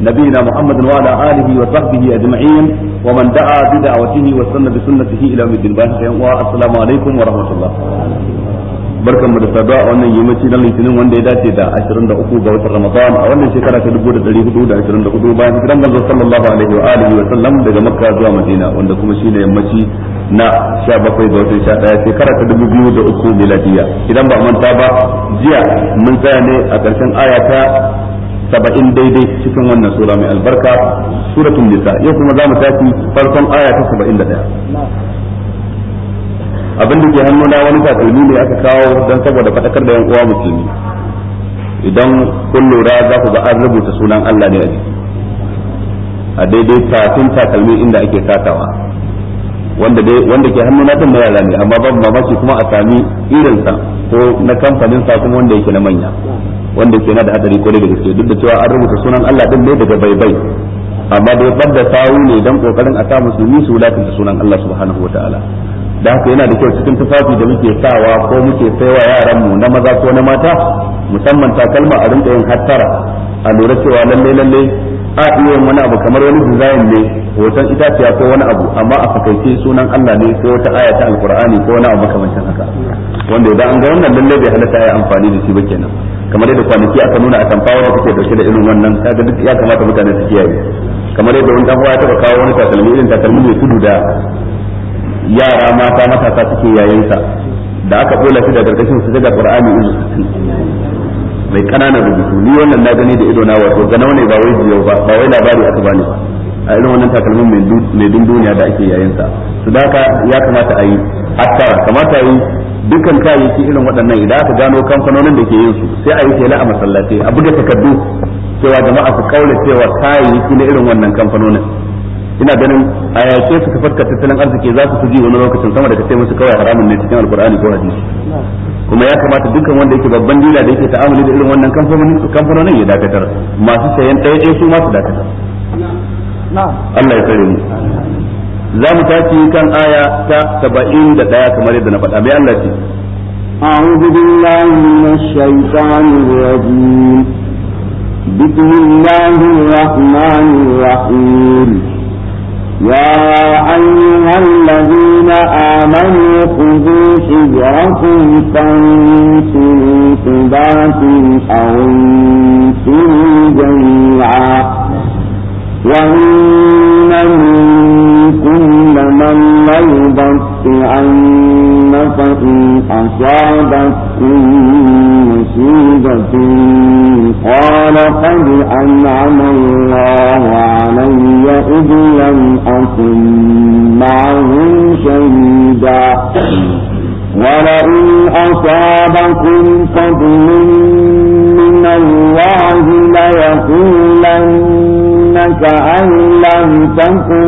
نبينا محمد وعلى آله وصحبه أجمعين ومن دعا بدعوته وسن بسنته إلى يوم الدين والسلام عليكم ورحمة الله barkan mu da saduwa a wannan yammaci na litinin wanda ya dace da 23 ga watan Ramadan a wannan shekara ta 1424 bayan hijiran manzo sallallahu alaihi wa alihi wa sallam daga Makka zuwa Madina wanda kuma shine yammaci na 17 ga watan 11 shekara ta 2003 miladiya idan ba manta ba jiya mun tsaya ne a ƙarshen aya ta saba'in daidai cikin wannan sura mai albarka suratun nisa yau kuma za mu tafi farkon aya ta saba'in da ɗaya abin da ke na wani takalmi ne aka kawo don saboda faɗakar da yan uwa musulmi idan kun lura za ku ga an rubuta sunan Allah ne a jiki a daidai tafin takalmi inda ake katawa wanda dai wanda ke hannu na din na yara ne amma babu mamaki kuma a sami irin sa ko na kamfanin sa kuma wanda yake na manya wanda ke na da hadari ko da gaske duk da cewa an rubuta sunan Allah din ne daga baibai amma dai banda sawu ne dan kokarin a sa musulmi su da sunan Allah subhanahu wataala da haka yana da kyau cikin tufafi da muke sawa ko muke saiwa yaran mu na maza ko na mata musamman takalma a rinka yin hattara a lura cewa lalle lalle a iya wani abu kamar wani design ne hoton itaciya ko wani abu amma a fakaice sunan Allah ne ko wata aya ta alkur'ani ko wani abu makamancin haka wanda idan an ga wannan lalle bai halatta ya amfani da shi ba kenan kamar yadda kwanaki aka nuna a tamfawa da kuke dauke da irin wannan kaga duk ya kamata mutane su kiyaye kamar yadda wani dan ya taba kawo wani takalmi irin takalmi mai tudu da yara mata matasa suke yayin sa da aka bola shi da gargashin su daga qur'ani izu mai kananan rubutu ni wannan na gani da ido na wato nawa ne ba wai jiyo ba ba wai labari aka bani a irin wannan takalmin mai dunduniya da ake yayin sa su da ya kamata a yi hatta kamata yi dukkan kayayyaki irin waɗannan idan aka gano kamfanonin da ke yin su sai a yi tela a masallatai a buga takardu cewa jama'a su kaula cewa kayayyaki na irin wannan kamfanonin ina ganin a yake su ka farka tattalin arziki za su ji wani lokacin sama da ka musu kawai haramun ne cikin alkur'ani ko hadisi kuma ya kamata dukkan wanda yake babban dila da yake ta'amuli da irin wannan kamfanonin ya dakatar masu sayan ɗaya ɗaya su ma su dakatar Allah ya tsare mu za mu tashi kan aya ta saba'in da 71 kamar yadda na faɗa mai Allah ce أعوذ بالله من الشيطان الرجيم بسم الله الرحمن الرحيم يا أيها الذين آمنوا خذوا حجركم فانفروا ثبات أو انفروا جميعا وإن منكم لمن يبطئن فإن أصابتكم مصيبة قال قد أنعم الله علي إذ لم أكن معهم شهيدا ولئن أصابكم فضل من الله ليقولن كأن لم تكن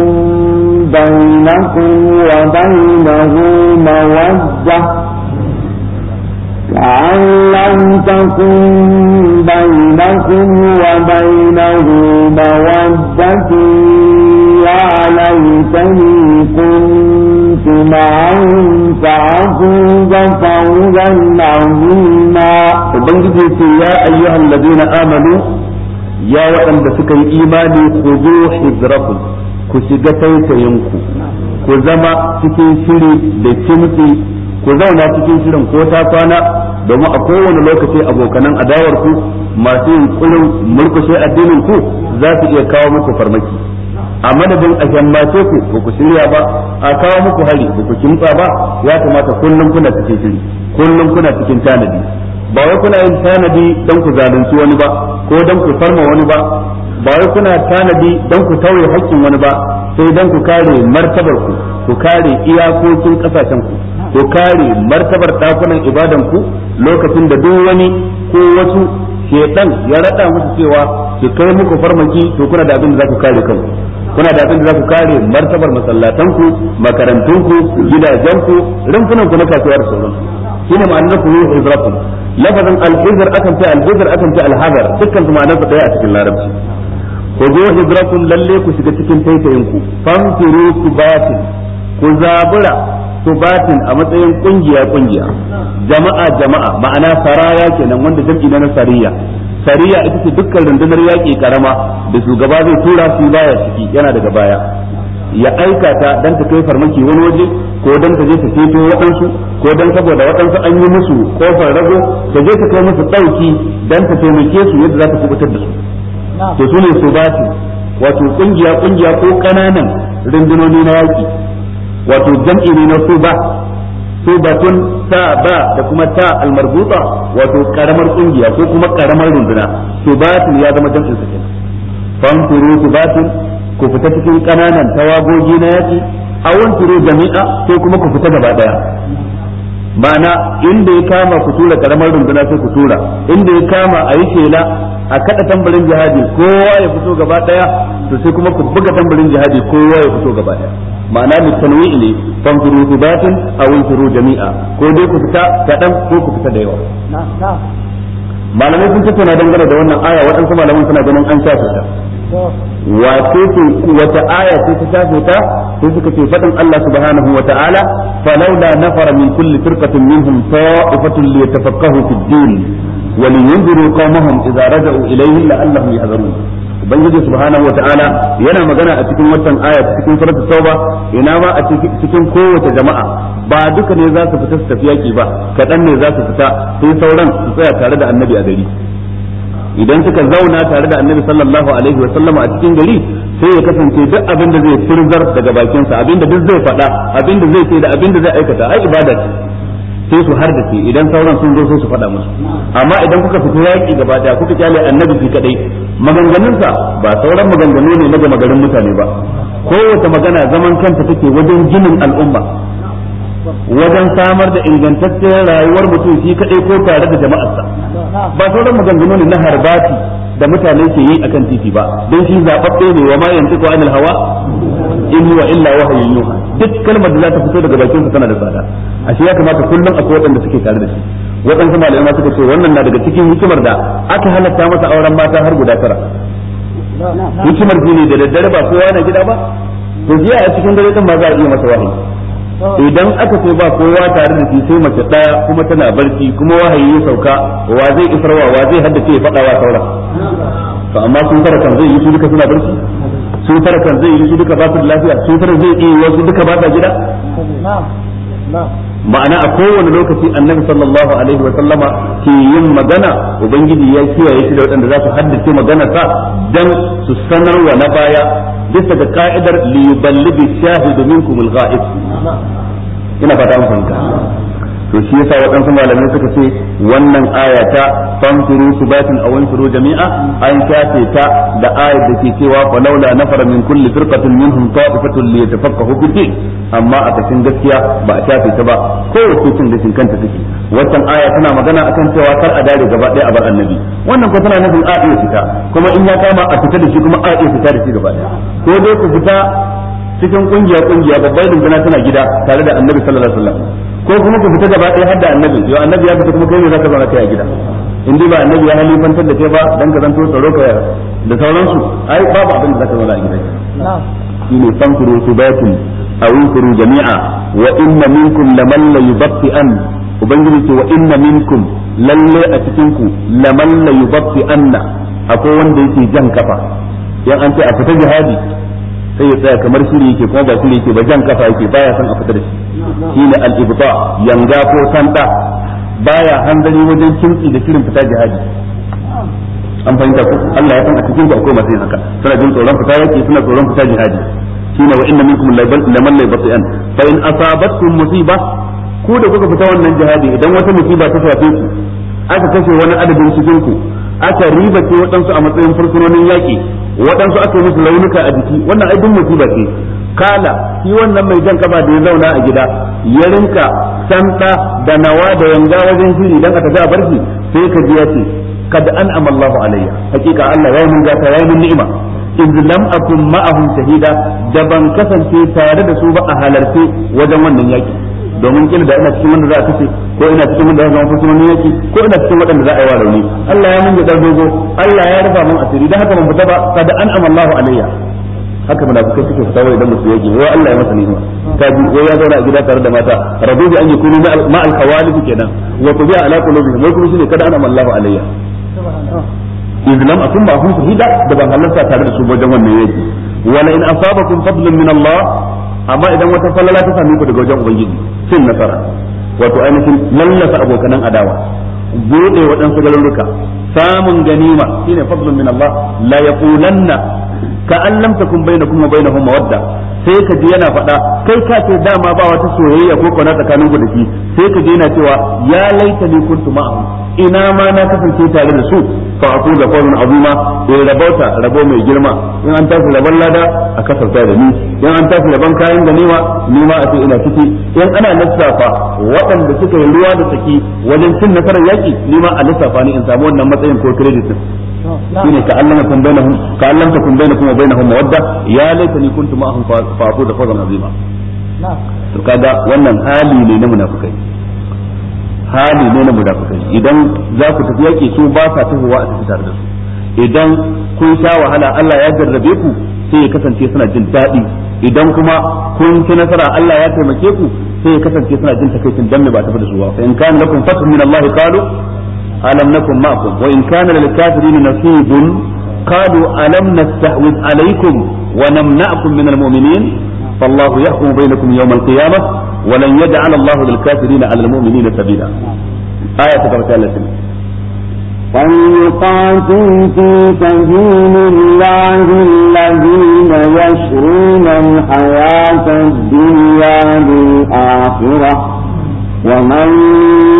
بينكم وبينه مودة كأن لم تكن بينكم وبينه مودة يا ليتني كنت معهم فأفوز فوزا عظيما وبنجد يا أيها الذين آمنوا ya waɗanda suka yi imani ku zo hijrakum ku shiga taitayinku ku zama cikin shiri da kimtsi ku zauna cikin shirin ko ta kwana domin a kowane lokaci abokanan adawar ku masu yin kurin mulkushe addinin ku za su iya kawo muku farmaki a madadin a shammace ku ba ku shirya ba a kawo muku hari ba ku kimtsa ba ya kamata kullum kuna cikin shiri kullum kuna cikin tanadi ba wai kuna yin tanadi don ku zalunci wani ba ko dan ku farma wani ba ba wai kuna tanadi don ku tauye hakkin wani ba sai don ku kare martabar ku ku kare iyakokin kasashen ku ku kare martabar dakunan ibadan ku lokacin da duk wani ko wasu shedan ya rada musu cewa su kai muku farmaki to kuna da abin da za ku kare kanku kuna da abin da za ku kare martabar masallatan ku makarantun ku gidajen ku rumfunan ku na kasuwar da sauransu shine ma'anar ku yi lafazin al-hijr akan ce al-hijr akan ce al-hazar dukkan su ma'anarsa daya a cikin larabci ku zo hidrakum lalle ku shiga cikin taitayin ku fanfiru subatin ku zabura subatin a matsayin kungiya kungiya jama'a jama'a ma'ana saraya kenan wanda jam'i na sariya sariya ita ce dukkan rundunar yaƙi karama da shugaba zai tura su baya ciki yana daga baya ya aikata dan ta kai farmaki wani waje ko dan ta je ta ceto waɗansu ko dan saboda waɗansu an yi musu kofar rago ta je ta kai musu ɗauki dan ta taimake su yadda za ta kubutar da su to su ne su wato kungiya kungiya ko ƙananan rundunoni na yaƙi wato jam'i ne na su ba su ba tun ta ba da kuma ta almarbuta wato karamar ƙungiya ko kuma karamar runduna su su ya zama jam'in su kenan fanturu su su ku fita cikin ƙananan tawagogi na yaƙi awon turo jami'a ko kuma ku fita gaba daya ma'ana inda ya kama ku tura karamar runduna sai ku tura inda ya kama a yi kela a kada tambarin jihadi kowa ya fito gaba daya to sai kuma ku buga tambarin jihadi kowa ya fito gaba daya ma'ana mu tanwi'i ne fanfuru tubatin awon turo jami'a ko dai ku fita kadan ko ku fita da yawa malamai sun tattauna dangane da wannan aya waɗansu malamai suna ganin an sha fita wace ce wata aya ce ta shafe ta sai suka ce fadin Allah subhanahu wa ta'ala falawla nafara min kulli firqatin minhum ta'ifatun liyatafaqahu fid din wa liyunziru qawmahum idza raja'u ilayhim la'allahum yahzarun ubangiji subhanahu wa ta'ala yana magana a cikin watan aya cikin suratul tauba ina ma a cikin kowace jama'a ba duka ne za su fita su tafi yaki ba kadan ne za su fita sai sauran su tsaya tare da annabi a gari idan suka zauna tare da annabi sallallahu alaihi wa sallama a cikin gari sai ya kasance duk abin da zai firzar daga bakinsa abin da duk zai faɗa abin da zai ce da abin da zai aikata ai ibada ce sai su har da idan sauran sun zo sai su faɗa musu amma idan kuka fita yaƙi gaba daya kuka kyale annabi fi kadai maganganunsa ba sauran maganganu ne na gama garin mutane ba kowace magana zaman kanta take wajen ginin al'umma wajen samar da ingantacciyar rayuwar mutum shi kaɗai ko tare da jama'arsa ba sauran maganganu ne na harbati da mutane ke yi akan titi ba don shi zababbe ne wa ma yanzu ko anil hawa in huwa illa wahyun yuha duk kalmar da za ta fito daga bakin sa tana da tsada ashe ya kamata kullum akwai waɗanda suke tare da shi waɗansu malamai suka ce wannan na daga cikin hikimar da aka halatta masa auren mata har guda tara hikimar ne da daddare ba kowa na gida ba to jiya a cikin dare kan ma za a iya masa wahayi idan aka ce ba kowa tare da shi sai mace daya kuma tana barci kuma wahayi ya sauka wa zai isarwa wa zai haddace ya faɗa wa sauran to amma sun fara kan zai yi su duka suna barci sun fara kan zai yi su duka ba su da lafiya sun fara zai yi wasu duka ba sa gida ma'ana a kowane lokaci annabi sallallahu alaihi wa sallama ke yin magana ubangiji ya kiyaye shi da waɗanda za su haddace magana sa dan su sanarwa na baya bisa ga ka'idar li yuballighi shahidu minkum al-ghaib ina fata an fahimta to shi yasa waɗansu malamai suka ce wannan aya ta famfiru subatin aw anfiru jami'a an kace ta da ayar da ke cewa fa laula nafara min kulli firqatin minhum ta'ifatun li yatafaqahu fi amma a cikin gaskiya ba a kace ta ba kowace cin gashin kanta take wannan aya tana magana akan cewa kar a dare gaba ɗaya a bar annabi wannan ko tana nufin a iya fita kuma in ya kama a fita da shi kuma a iya fita da shi gaba ɗaya ko dai ku fita cikin kungiya kungiya babbar dindina tana gida tare da annabi sallallahu alaihi wasallam ko kuma ku fita gaba ɗaya har da annabi yau annabi ya fita kuma kai ne zaka zauna kai a gida in dai ba annabi ya halifantar da kai ba dan ka zanto tsaro ka da sauransu ai babu abin da zaka zauna a gida shine fankuru subatun aw kuru jami'a wa inna minkum laman la yubatti an ubangiji ce wa inna minkum lalle a cikin ku laman la yubatti anna akwai wanda yake jan kafa yan an ce a fita jihadi sai ya tsaya kamar shiri yake kuma ba shiri yake ba jan kafa yake baya san a fita da shi shine al-ibta yanga ko santa baya hanzari wajen kintsi da shirin fita jihadi an fahimta ku Allah ya san a cikin ku akwai masu yin haka suna jin tsoron fita yake suna tsoron fita jihadi shine wa inna minkum laman la yubatti an fa in asabatkum musiba ku da kuka fita wannan jihadi idan wata musiba ta shafe ku aka kashe wani adadin cikin ku aka riba ce waɗansu a matsayin fursunonin yaƙi waɗansu aka yi musu launuka a jiki wannan ai duk musiba ce kala shi wannan mai jan kaba da ya zauna a gida ya rinka santa da nawa da yanga wajen shiri dan a tafi a sai ka ji ya ce kad an amallahu alayya hakika Allah ya yi mun gata ya yi mun ni'ima in lam akun ma'ahum shahida da ban kasance tare da su ba a halarce wajen wannan yaki domin kila da ina cikin wanda za a kace ko ina cikin wanda za a zama fursunonin yaki ko ina cikin waɗanda za a yi wa rauni Allah ya mun ya dogo Allah ya rufa min asiri dan haka ban fita ba kada an amallahu alayya haka munafikai suke fita wai idan musu yaki wai Allah ya masa ni'ima kaji wai ya zauna a gida tare da mata rabu bi an yakunu ma al khawalif kenan wa tubi ala qulubihim wai kuma shine kada an amallahu alayya izlam akun ba hun shahida da ban halarta tare da su wajen wannan yaki wala in asabakum fadlun min Allah amma idan wata falala ta same ku daga wajen ubangiji sun nasara wato ainihin lallasa abokanan adawa bude waɗansu galurruka samun ganima shine fadlun min Allah la yaqulanna ka an lam takun bai wa kuma mawadda sai ka ji yana faɗa kai ka ce dama ba wata soyayya ko kwana tsakanin ku da shi sai ka ji yana cewa ya laita ni kuntu ma'ahum ina ma na kasance tare da su fa aku da qawlun azima in eh, rabauta rabo mai girma in an tafi rabon lada a kasar da ni in an tafi rabon kayan ganewa ni ma a ce ina ciki in ana lissafa waɗanda suka yi ruwa da saki wajen cin nasarar yaki ni ma a lissafa ni in samu wannan matsayin ko credit shine ka Allah kun bainahum ka allamta kun bainakum wa bainahum mawadda ya ni kuntu ma'ahum fa da fawzan azima to kaga wannan hali ne na munafikai hali ne na munafikai idan za ku tafi yaki su ba sa tafiwa a tafi tare da su idan kun sha wahala Allah ya jarrabe ku sai ya kasance suna jin daɗi idan kuma kun ci nasara Allah ya taimake ku sai ya kasance suna jin takaicin dan ba tafi da su ba in kana lakum fatu min Allah qalu ألم نكن معكم وإن كان للكافرين نصيب قالوا ألم نستحوذ عليكم ونمنعكم من المؤمنين فالله يحكم بينكم يوم القيامة ولن يجعل الله للكافرين على المؤمنين سبيلا آية تبارك فليقاتل في سبيل الله الذين يشرون الحياة الدنيا بالآخرة ومن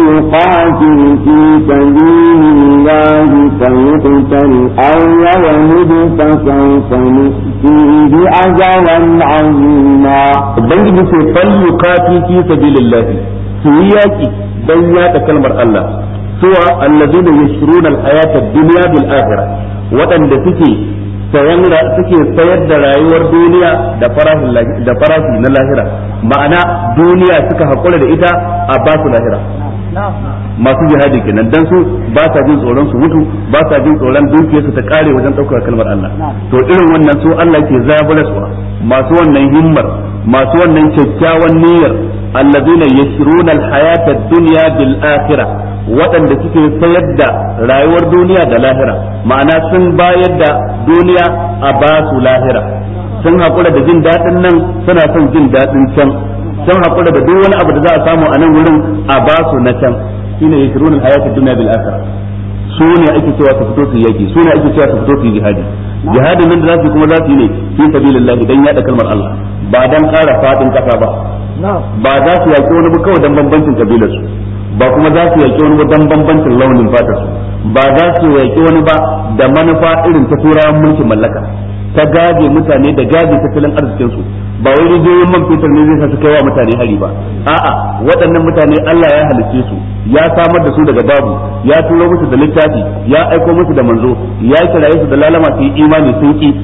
يقاتل في سبيل الله فيقتل أو يولد فسوف نؤتيه أجرا عظيما بل فليقاتل في سبيل الله سوياتي بيات كلمة الله سوى الذين يشرون الحياة الدنيا بالآخرة وأن تكي da wanda suke sayar da rayuwar duniya da farashi na lahira ma'ana duniya suka haƙura da ita a ba su lahira masu jihadi kenan dan su ba sa jin tsoron su mutu ba sa jin tsoron dukiyar su ta kare wajen daukar kalmar Allah to irin wannan su Allah ke zabura su masu wannan himmar masu wannan kyakkyawan niyyar allazina yashruna alhayata ad-dunya bil akhirah waɗanda suke sayar da rayuwar duniya da lahira ma'ana sun bayar da duniya a ba su lahira sun haƙura da jin daɗin nan suna son jin daɗin can sun haƙura da duk wani abu da za a samu a nan wurin a ba su na can shine yashruna alhayata ad-dunya bil akhirah su ne ake cewa su fito su yaki su ne ake cewa su fito su yi jihadi jihadin nan da za su kuma za su yi ne fi sabilillah idan yaɗa kalmar Allah ba dan ƙara fadin ƙasa ba ba za su yaƙi wani ba kawai dan banbancin kabilarsu ba kuma za su yaƙi wani ba dan bambancin launin fatarsu ba za su yaƙi wani ba da manufa irin ta turawan mulkin mallaka ta gaje mutane da gaje tattalin arzikinsu ba wai rijiyoyin man fetur ne zai sa su kai wa mutane hari ba a'a waɗannan mutane Allah ya halicce su ya samar da su daga babu ya turo musu da littafi ya aiko musu da manzo ya kiraye su da lalama su yi imani sun ki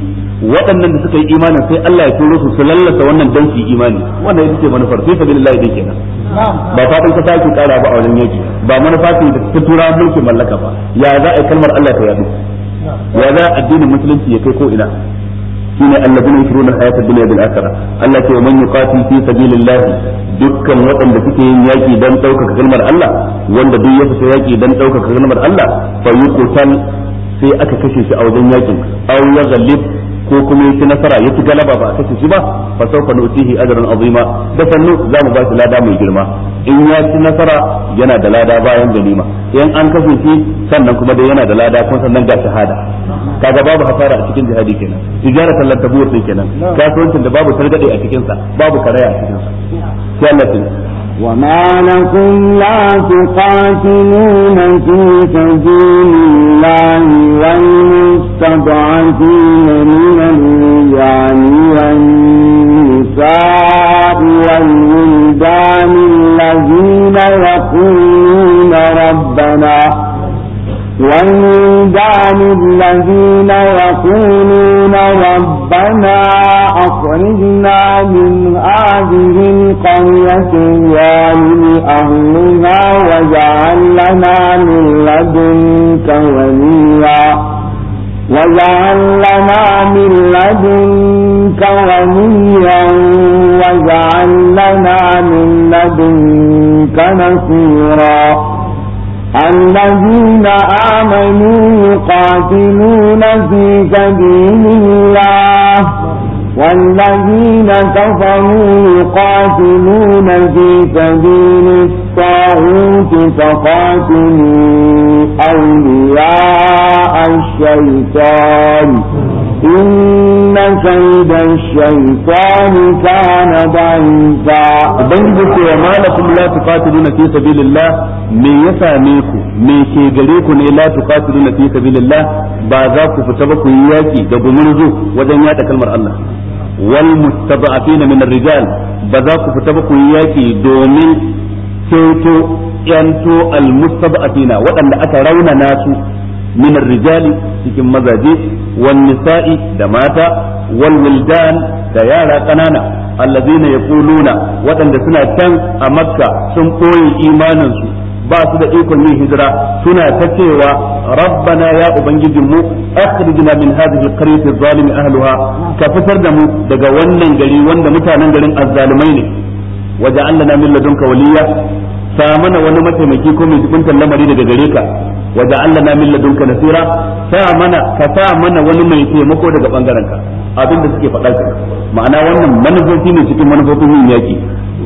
waɗannan da suka yi imanin sai Allah ya turo su su lallata wannan dan imani wannan ita ce manufar sai fa billahi dai kenan ba fatan ka sake kara ba a wajen yaki ba manufa ce da ta tura mulkin mallaka ba ya za a kalmar Allah ta yadu ya za addinin musulunci ya kai ko ina shine alladina yushruna hayata dunya bil akhirah Allah ce man yuqatil fi sabilillah dukkan waɗanda suke yin yaki dan ɗaukaka kalmar Allah wanda duk ya fita yaki dan ɗaukaka kalmar Allah fa yuqtal sai aka kashe shi a wajen yakin aw ya ko kuma yake nasara yake galaba ba kace shi ba fa sawfa nutihi ajran azima da sannu za mu ba shi lada mai girma in ya ci nasara yana da lada bayan ganima in an kashe shi sannan kuma dai yana da lada kuma sannan ga shahada kaga babu hasara a cikin jihadi kenan tijaratan lan tabur kenan kasuwancin da babu targade a cikin sa babu karaya a cikin sa sai Allah وما لكم لا تقاتلون في سبيل الله والمستضعفين من الرجال والنساء والولدان الذين يقولون ربنا وينذر الذين يقولون ربنا أخرجنا من هذه القرية الظالم أهلها واجعل لنا من لدنك وليا واجعل لنا من لدنك وليا واجعل لنا من لدنك نصيرا الذين آمنوا يقاتلون في سبيل الله والذين كفروا يقاتلون في سبيل الطاغوت فقاتلوا أولياء الشيطان إن كيد الشيطان كان ضعيفا بنجك وما لكم لا تقاتلون في سبيل الله من يساميكم من كيغريكم لا تقاتلون في سبيل الله بازاكم فتبكوا إياكي قبل منذ وجنيات كلمة الله والمستضعفين من الرجال بذاكم فتبكوا إياكي دومين سيتو ينتو المستضعفين وأن أترون ناسو min rijali cikin mazaje wan da mata wal da yara ƙanana allazina yaquluna waɗanda suna can a makka sun ɓoye imaninsu ba su da ikon yin hijira suna ta cewa rabbana ya ubangijin mu akhrijna min hadhihi alqaryati zalimi ahliha ka fitar da mu daga wannan gari wanda mutanen garin azzalumai ne waja'alna min ladunka waliya sa mana wani mataimaki ko mai jibintar lamari daga gare ka wa ja'alna min ladunka nasira samana ka mana wani mai taimako daga bangaren ka abin da suke faɗa ma'ana wannan manufofi ne cikin manufofin yin yaki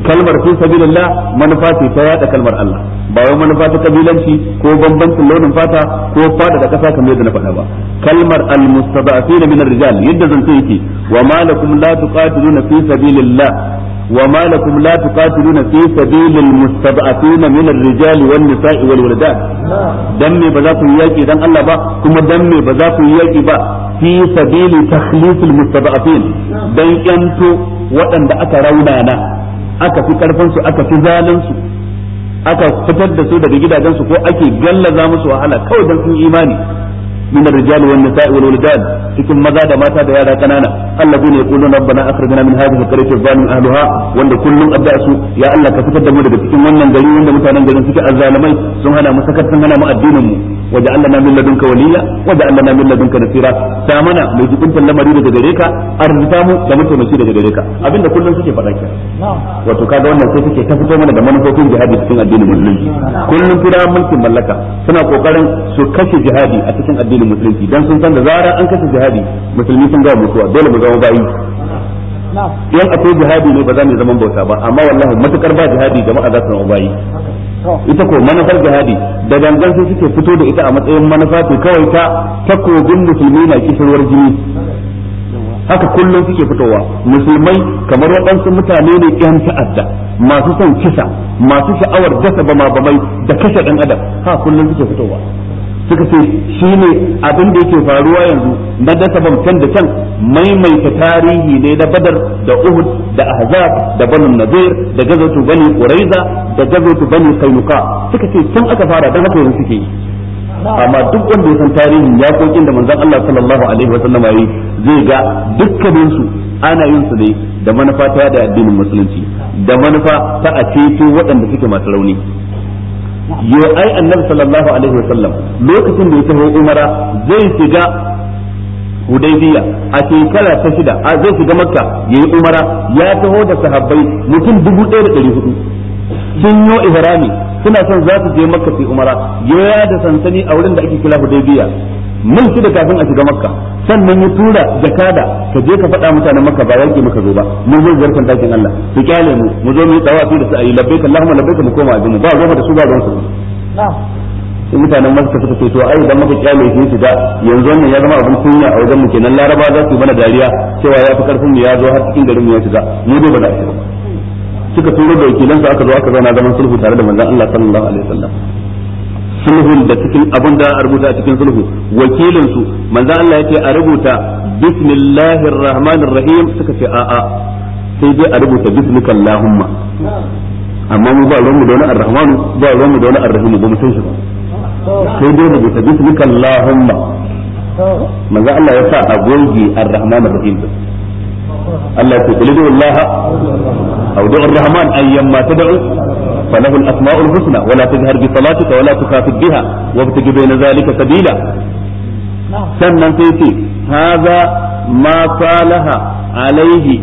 kalmar fi sabilillah manufa ce ta yada kalmar Allah ba wai manufa ta kabilanci ko bambancin launin fata ko fada da kasa kamar yadda na faɗa ba kalmar almustada'afina min ar-rijal yadda zance yake wa ma lakum la tuqatiluna fi sabilillah wa ma lakum la tuqatiluna fi sabilil mustada'afina min ar-rijal wan nisa'i wal wuldan dan me ba za ku yaki dan Allah ba kuma dan me ba za ku yaki ba fi sabili takhlifil mustada'afin dan yanto waɗanda aka raunana aka fi karfin aka fi zalin su aka fitar da su daga gidajen su ko ake gallaza musu wahala kawai dan sun imani من الرجال والنساء والولدان cikin maza da mata da yara kanana alladhina yaquluna rabbana akhrijna min hadhihi alqaryati adh-dhalim ahliha wanda kullum abda'su ya Allah ka fitar da mu daga cikin wannan gari wanda mutanen garin suke azzalimai sun hana mu sakar sun hana mu addinin mu waja'al lana min ladunka waliya waja'al lana min ladunka nasira ta mana mai jibintan lamari daga gare ka arzuta mu da mataimaki daga gare ka abinda kullum suke faɗa ke wato kaga wannan sai suke ta mana da manufofin jihadi cikin addinin musulunci kullum fira mulkin mallaka suna kokarin su kashe jihadi a cikin addinin musulunci dan sun san da zarar an kashe jihadi musulmi sun ga mutuwa dole mu zama bayi yan akwai jihadi ne ba za mu zaman bauta ba amma wallahi matukar ba jihadi jama'a za su zama bayi ita ko manufar jihadi da dangan sai suke fito da ita a matsayin manufa ce kawai ta takobin musulmi na kisarwar jini haka kullum suke fitowa musulmai kamar waɗansu mutane ne yan ta'adda masu son kisa masu sha'awar dasa bama bamai da kashe ɗan adam ha kullum suke fitowa suka ce shi ne abin da yake faruwa yanzu na dasaban can da can maimaita tarihi ne na badar da uhud da ahzab da banu nazir da gazatu bani quraiza da gazatu bani kainuka suka ce can aka fara dan haka yanzu suke amma duk wanda ya san tarihin kokin da manzon Allah sallallahu alaihi wa sallam yi zai ga dukkanin su ana yin su ne da manufa ta da addinin musulunci da manufa ta a ceto waɗanda suke masu rauni yo ai annabi sallallahu alaihi wa sallam lokacin da ya taho umara zai shiga hudaybiya a shekara ta shida a zai shiga makka yayi umara ya taho da sahabbai mutum dubu da hudu sun yo ihrami suna son za su je makka su umara ya da sansani a wurin da ake kira hudaybiya mun shi da kafin a shiga makka sannan ya tura jakada ka je ka faɗa mutanen makka ba yaki maka zo ba mun zo ziyartar dakin Allah su kyale mu mu zo mu yi tsawafi da su ayi labbaik Allahumma labbaik mu koma ajinu ba goma da su ba don su in mutanen makka suka ce to ai dan maka kyale shi su da yanzu ne ya zama abin kunya a wajen mu kenan laraba za su bana dariya cewa ya fi karfin mu ya zo har cikin garin mu ya shiga mu dai ba da a shiga suka turo da wakilansa aka zo aka zauna zaman sulhu tare da manzon Allah sallallahu alaihi wasallam sulhun da cikin abin da a rubuta a cikin sulhu wakilin su manzo Allah yace a rubuta bismillahir rahmanir rahim suka ce a'a sai dai a rubuta bismika allahumma amma mu ba ruwan mu da wani arrahmanu ba ruwan mu da wani arrahimu ba mu san shi ba sai dai rubuta bismika allahumma manzo Allah ya sa a goge arrahmanir rahim Allah ya ce kulli Allah audu arrahman ayyan tad'u فله الأسماء الحسنى ولا تجهر بصلاتك ولا تخافت بها وابتغ بين ذلك سبيلا sannan sai ce haza ma salaha alaihi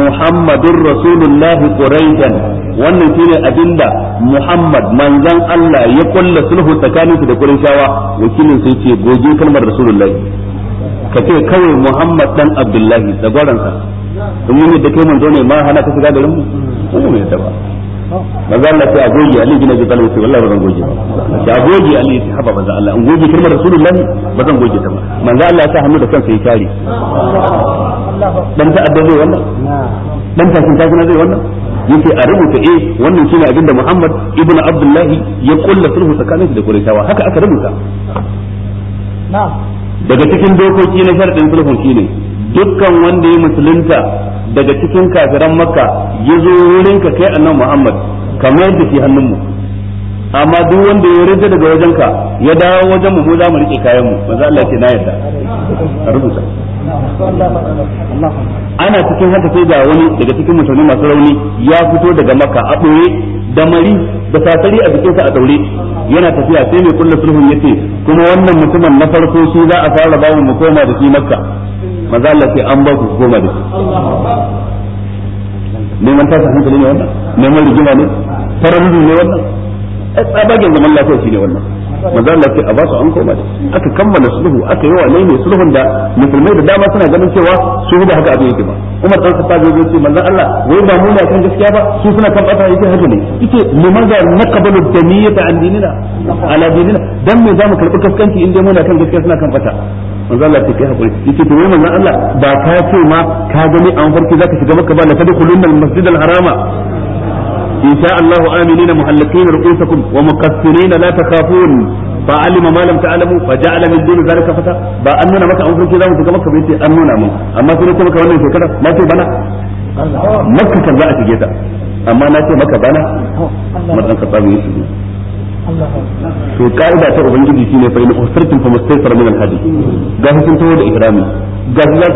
muhammadun rasulullahi quraidan wannan shine abinda muhammad manzon Allah ya kulla sulhu tsakanin su da qurayshawa wakilin sai ce goge kalmar rasulullahi ka ce kawai muhammad dan abdullahi da gwaransa in mun yadda kai manzo ne ma hana ka shiga garin mu ba ba za Allah sai a goge Ali goge ba da goge Ali haba Allah in goge Rasulullahi goge ta ba Allah hannu da kansa ya kare dan ta wannan dan zai wannan yace a rubuta eh wannan shine abinda Muhammad ibnu Abdullah ya kulla sulhu tsakanin da Qurayshawa haka aka rubuta daga cikin dokoki na sharadin sulhu shine dukkan wanda ya musulunta daga cikin kafiran makka ya zo wurin ka kai annabi muhammad kamar yadda ke hannun mu amma duk wanda ya rinja daga wajen ka ya dawo wajen mu mu za mu rike kayan mu manzo Allah ke na yarda a ana cikin haka sai ga wani daga cikin mutane masu rauni ya fito daga makka a ɓoye da mari da sasari a jikinsa a daure yana tafiya sai mai kullu sulhun yace kuma wannan mutumin na farko shi za a fara bawo mu koma da shi makka manzo Allah ce an ba ku goma da neman tashin hankali ne wannan neman rigima ne farar ne wannan tsabagen zaman lafiya shine wannan Maza Allah ce a ba su an koma da aka kammala sulhu aka yi wa ne ne sulhun da musulmai da dama suna ganin cewa su da haka abin yake ba Umar dan Khattab ya ce manzo Allah wai ba mu ne kan gaskiya ba su suna kan fata yake haka ne yake mu maza naqbalu daniyata an dinina ala dinina dan me zamu karbi kaskanci inda mu na kan gaskiya suna kan fata manzo Allah ce kai hakuri yake to wai manzo Allah ba ka ce ma ka gani an farki zaka shiga makka ba la tadkhulun al masjid al harama إن شاء الله آمنين محلقين رؤوسكم ومقصرين لا تخافون فعلم ما لم تعلموا فجعل من دون ذلك فتى با أن نونا مكا أنفر كذا وانتك مكا بيتي أن نونا من أما سنكم كوانا في كذا ما في بنا مكة كان ذات جيتا أما ناتي مكة بنا مرحبا خطاب يسجد to ka'ida ta ubangiji shine fa in ustirtum fa mustaysara min al-hadi ga hukunta da ikrami ga su za su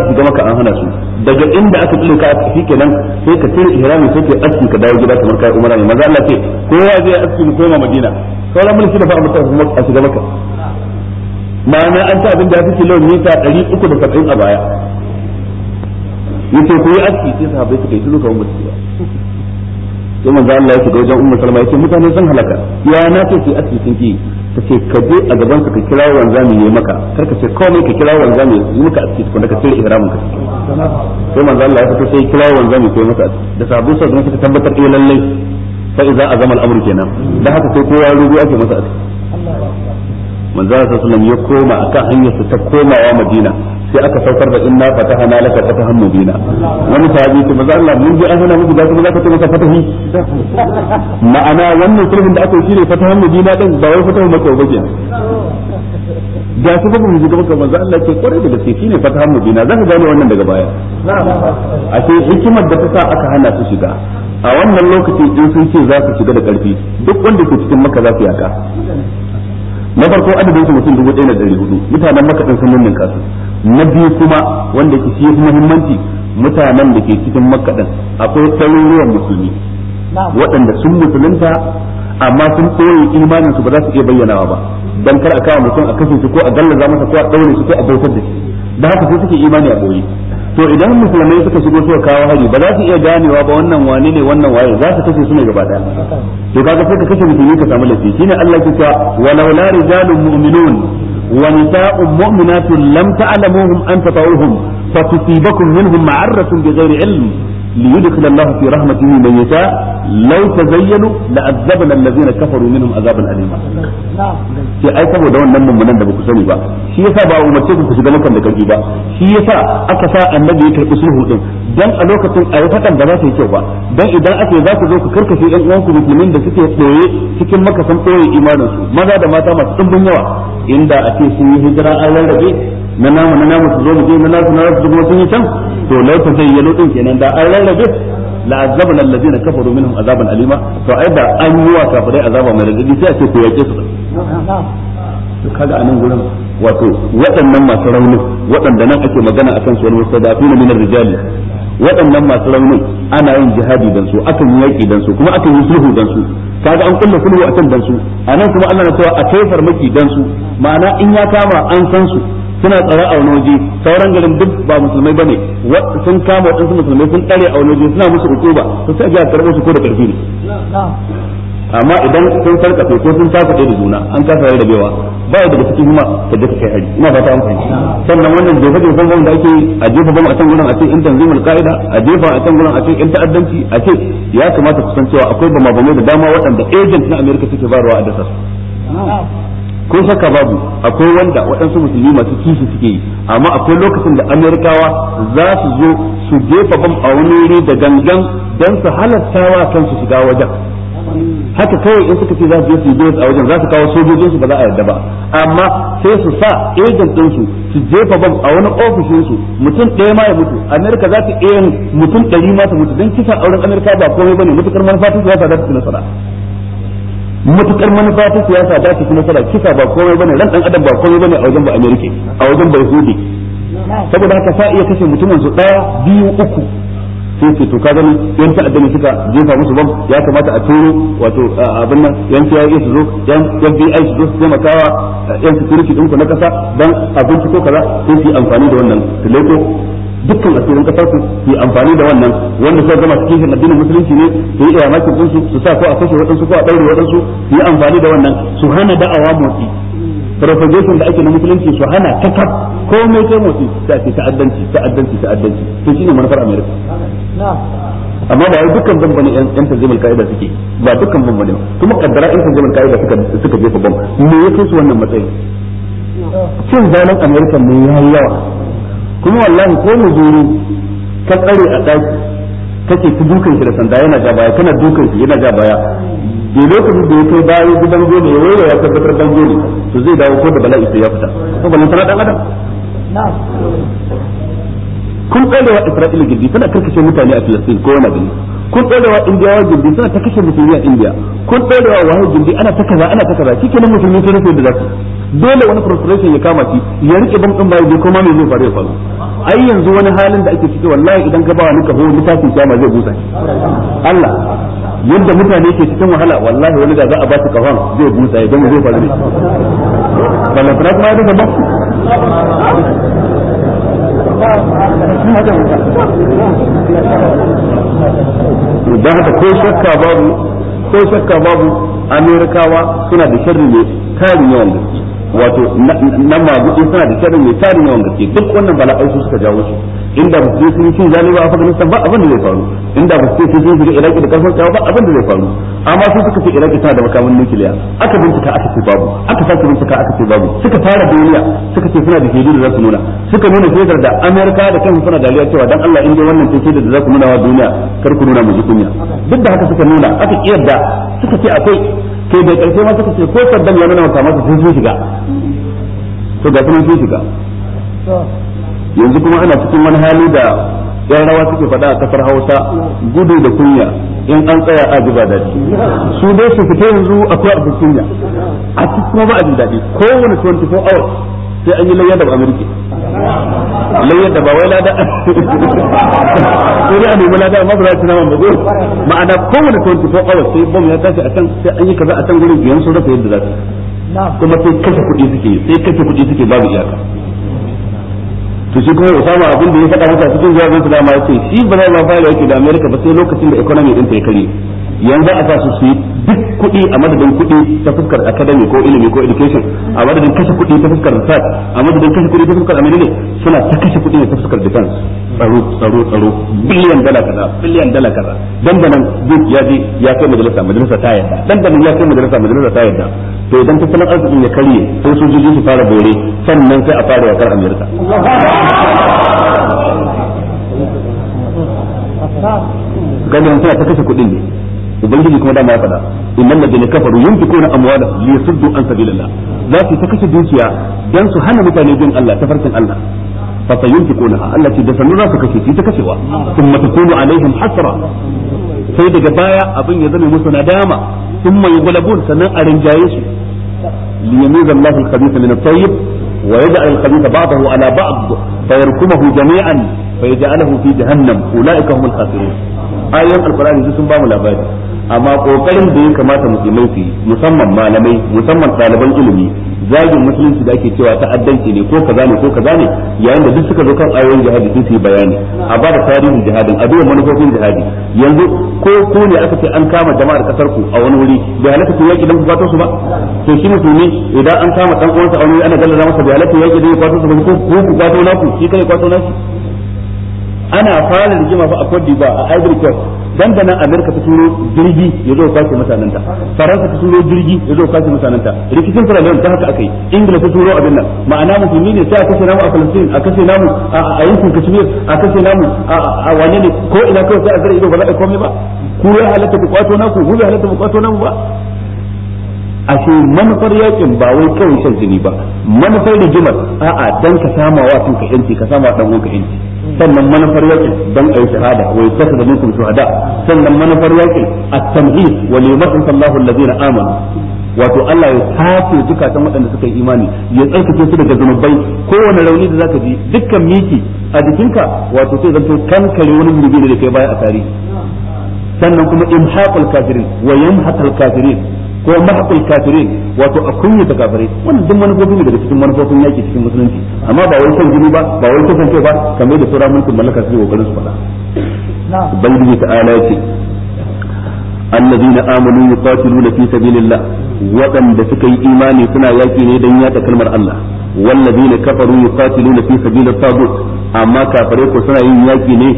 shiga maka an hana su daga inda aka tsoka a shi kenan sai ka tsira ihrami sai ka aski ka dawo gida kamar kai umara ne maza Allah ce kowa zai aski mu koma Madina sauran mulki da fa mu ta kuma a shiga maka ma'ana an ta abin da ya fi kilomita 370 a baya yace ku yi aski sai sahabbai suka yi tulu kawai mutuwa sai manzo Allah ya shiga wajen ummu salma yace mutane sun halaka ya na ce ki sun ki take ka je a gaban ka kira wanzami ne maka kar ka ce komai ka kira wanzami yi maka ko ne ka cire ihramin ka sai manzo Allah ya fito sai kira wanzami ko maka da sabu sai kuma suka tabbatar eh lalle fa idza azama al-amru kenan dan haka sai kowa rubu ake masa asiri manzo Allah sallallahu alaihi wasallam ya koma akan hanyar ta komawa Madina sai aka saukar da inna fatahana laka fatahan mubina wani sahabi ce maza Allah mun ji an hana muku gasu za ka ce maka fatahi ma'ana wannan sulhun da aka yi shine fatahan mubina din ba wai fatahan maka ba kenan ga su ba mu ji gaba maza Allah ke kwarai da gaske shine fatahan mubina za ka gane wannan daga baya a ce hikimar da ta sa aka hana su shiga a wannan lokaci in sun ce za su shiga da karfi duk wanda ke cikin maka za su yaka na farko adadin su mutum dubu ɗaya da ɗari hudu mutanen makaɗin sun mummin kasu na biyu kuma wanda ke fi muhimmanci mutanen da ke cikin makaɗin akwai ɗaruruwan musulmi waɗanda sun musulunta amma sun ɓoye imanin su ba za su iya bayyanawa ba dan kar a kawo mutum a kashe su ko a gallaza masa ko a ɗaure shi ko a bautar da shi da haka sai suke imani a ɓoye to idan musulmai suka shigo suka kawo hari ba za su iya ganewa ba wannan wane ne wannan waye za su kashe su ne gaba daya to kaga sai ka kashe musulmi ka samu lafiya shine Allah ke cewa walau la rijalun mu'minun wa nisa'un mu'minatun lam ta'lamuhum an tatawuhum fatusibakum minhum ma'arratun bighairi ilm ليدخل الله في رحمته من يشاء لو تزينوا لعذبنا الذين كفروا منهم عذابا اليما sai ai saboda wannan mummunan da baku sani ba shi yasa ba umarce ku shiga makan da kaji ba shi yasa aka sa annabi ya karbi sulhu din dan a lokacin a yi fadan ba za ta yi kyau ba dan idan ake za ku zo ku karkashe yan uwan ku musulmin da suke tsoye cikin makasan tsoye imanin su maza da mata masu dimbin yawa inda a ce sun yi hijira an rarrabe na namu na namu su zo mu je na nasu na nasu kuma sun yi can to lauta zai yi lutsin kenan da an rarrabe la'azzabna alladhina kafaru minhum azaban alima to ai da an yi wa kafirai azaba mai radadi sai a ce ko yake su to kaga anan gurin wato waɗannan masu rauni waɗanda nan ake magana akan su wal mustadafina min ar-rijali waɗannan masu raunin ana yin jihadi dan su akan yi dan su kuma akan yi sulhu dan su kaga an kulla a kan dan su anan kuma Allah na cewa a kai farmaki dan su ma'ana in ya kama an san su suna tsara a wani waje sauran garin duk ba musulmai ba bane sun kama waɗansu musulmai sun tsare a wani waje suna musu ukuba to sai ga karɓo su ko da ƙarfi ne amma idan sun sarkafe ko sun tafi da juna an kasa rai da bewa ba daga cikin hima ta duka kai hari ina fata an fahimci sannan wannan jefa jefa bom da ake a jefa bom a can gurin a ce in tanzimul qaida a jefa a can gurin a ce in ta'addanci a ce ya kamata ku san cewa akwai bama bamai da dama waɗanda agent na America suke barwa a dasar ko saka babu akwai wanda waɗansu musulmi masu kishi suke yi amma akwai lokacin da amerikawa za su zo su jefa bam a wani wuri da gangan don su wa kansu shiga wajen haka kawai in suka ce za su je su a wajen za su kawo sojojin su ba za a yarda ba amma sai su sa agent din su su jefa bam a wani ofishin su mutum ɗaya ma ya mutu amerika za ta iya mutum ɗari ma ta mutu don kisa auren amerika ba komai bane mutukar ya siyasa za ta nasara matukar manufa ta siyasa ta su kuma sada kisa ba komai bane ran dan adam ba komai bane a wajen ba amerika a wajen ba yahudi saboda haka sa iya kashe mutumin su daya biyu uku sai ce to ka gani yan ta'adda ne suka jefa musu bam ya kamata a turo wato abin nan yan yi su zo yan FBI su zo su taimakawa yan security din ku na kasa dan abinci ko kaza sai su amfani da wannan tileko dukkan asirin kasar ku ke amfani da wannan wanda suka gama cikin addinin musulunci ne su yi iyamakin kunsu su sa ko a kashe waɗansu ko a ɗaure waɗansu su yi amfani da wannan su hana da'awa motsi propagation da ake na musulunci su hana kakaf komai kai motsi ta ce ta'addanci ta'addanci ta'addanci to shine manufar america amma ba wai dukkan ban bane yan tanzimul kaida suke ba dukkan ban bane kuma kaddara yan tanzimul kaida suka suka jefa bomb me yake su wannan matsayi cin zanen america ne yayi yawa kuma wallahi ko muzuru ka tsare a daki kake ta dukan shi da sanda yana ja baya kana dukan shi yana ja baya da lokacin da ya kai bayan gidan gole ya ya tabbatar dan gole to zai dawo ko da bala'i sai ya fita to tana dan adam na'am kun ɗaure wa Isra'ila gindi suna karkashe mutane a Filistin ko wani gani kun ɗaure wa Indiyawa gindi suna ta kashe musulmi a Indiya kun ɗaure wa wahai gindi ana ta kaza ana ta kaza shikenan musulmi sun rufe da zasu dole wani frustration ya kama shi ya rike ban din bayan kuma mai zai faru ya faru ai yanzu wani halin da ake ciki wallahi idan ka ba wani kaho littafin kama zai busa Allah yadda mutane ke cikin wahala wallahi wani da za a ba su kafan zai busa idan zai faru ne kuma ba da haka ko shakka babu ko shakka babu amerikawa suna da sharri ne tarin yawan gaske wato na ma gudu suna da sharri mai tarin yawan gaske duk wannan bala'ai su suka jawo su inda ba su sun cin zali ba Afghanistan ba abin da zai faru inda ba su sun shiga Iraki da karfin tsawa ba abin da zai faru amma su suka ce Iraki tana da makamin nukiliya aka bincika aka ce babu aka sake bincika aka ce babu suka fara duniya suka ce suna da shaidu da za su nuna suka nuna shaidar da Amerika da kansu suna dariya cewa dan Allah in dai wannan ce da za ku nuna wa duniya kar ku nuna mu ji kunya duk da haka suka nuna aka kiyarda suka ce akwai ke da karshe ma suka ce ko saddam ya nuna maka masa sun shiga to ga sun shiga yanzu kuma ana cikin wani hali da yan rawa suke faɗa a kasar hausa gudu da kunya in an tsaya a ji ba daɗi su dai su fita yanzu akwai abin kunya a cikin kuma ba a jin daɗi kowane 24 hours sai an yi layya da amurki layyar da ba wai lada sai a nemi lada amma ba za ta nama mago ma'ana kowane 24 hours sai bom ya tashi a can sai an yi kaza a can gurin biyan sun rasa yadda za su kuma sai kashe kuɗi suke sai kashe kuɗi suke babu iyaka to shi kuma Usama abin da ya faɗa masa cikin jawabin su dama yace shi ba zai ma fara yake da America ba sai lokacin da economy din ta ya kare yanzu a sa su yi duk kuɗi a madadin kuɗi ta fuskar academy ko ilimi ko education a madadin kashe kuɗi ta fuskar research a madadin kashe kuɗi ta fuskar amini suna ta kashe kuɗi ne ta fuskar defense tsaro tsaro tsaro biliyan dala kaza biliyan dala kaza dandanan duk ya je ya kai majalisa majalisa ta yadda dandanan ya kai majalisa majalisa ta yadda to idan tattalin arzikin ya karye sai sojoji su fara bore sannan sai a fara yakar amerika ganin suna ta kashe kuɗin ne ubangiji kuma dama ya faɗa innal ladina kafaru yunfikuna amwalahum liyasuddu an sabilillah za su ta kashe dukiya dan su hana mutane bin Allah ta farkin Allah fa sayunfikunaha Allah ce da sanu za su kashe shi ta kashewa ta takunu alaihim hasra sai daga baya abin ya zame musu nadama thumma yughlabun sanan a rinjaye su liyamiza Allah al-khabitha min at-tayyib wa yaj'al al-khabitha ba'dahu ala ba'd fayarkumuhu jami'an fayaj'aluhu fi jahannam ulaika humul khasirun ayoyin alkur'ani sun ba mu labari amma kokarin da ya kamata musulmai su yi musamman malamai musamman ɗaliban ilimi zagin musulunci da ake cewa ta'addanci ne ko kaza ne ko kaza ne yayin da duk suka zo kan ayoyin jihadi sun yi bayani a ba da tarihin jihadin a duba manufofin jihadi yanzu ko ku ne aka ce an kama jama'ar kasar ku a wani wuri bai halatta ku yaki dan ku fato su ba to shi musulmi idan an kama dan uwansa a wani wuri ana gallada masa bai halatta yaki dan ku fato su ba ko ku fato naku shi kai fato naku ana fara rigima ba a Cote d'Ivoire a Ivory Coast dangana Amerika ta turo jirgi ya zo kwace mutanenta ta Faransa ta turo jirgi ya zo kwace mutanenta ta rikicin Sierra Leone ta haka akai Ingila ta turo abin nan ma'ana musulmi ne sai a kashe namu a Palestine a kashe namu a yankin Kashmir a kashe namu a wane ne ko ina kawai sai a zara ido ba za a komai ba ku ya halatta ku kwato naku mu bai halatta mu kwato namu ba ashe manufar yakin ba wai kawai shan jini ba manufar rigimar a'a dan ka samawa kanka yanci ka samawa dan uwanka yanci sannan manufar yakin don ayi shahada wa da minkum shuhada sannan manufar yakin at-tamhid wa liyumahhisa Allahu alladhina amanu wato Allah ya tace zukatan waɗanda suka yi imani ya tsarkake su daga zunubai kowane rauni da zaka ji dukkan miki a jikinka wato sai zanto kankare wani zunubi da kai baya a tarihi sannan kuma imhaqul kafirin wa yamhaqul kafirin ko mahaqul kafirin wato akunyi da kafire wannan duk manufofi ne daga cikin manufofin yaki cikin musulunci amma ba wai son jini ba ba wai son kai ba kamar da sura mulkin malaka su kokarin su fada na ubangiji ta ala yake alladhina amanu yuqatiluna fi sabilillah waɗanda suka yi imani suna yaki ne dan yada kalmar Allah walladhina kafaru yuqatiluna fi sabilillah amma kafare ko suna yin yaki ne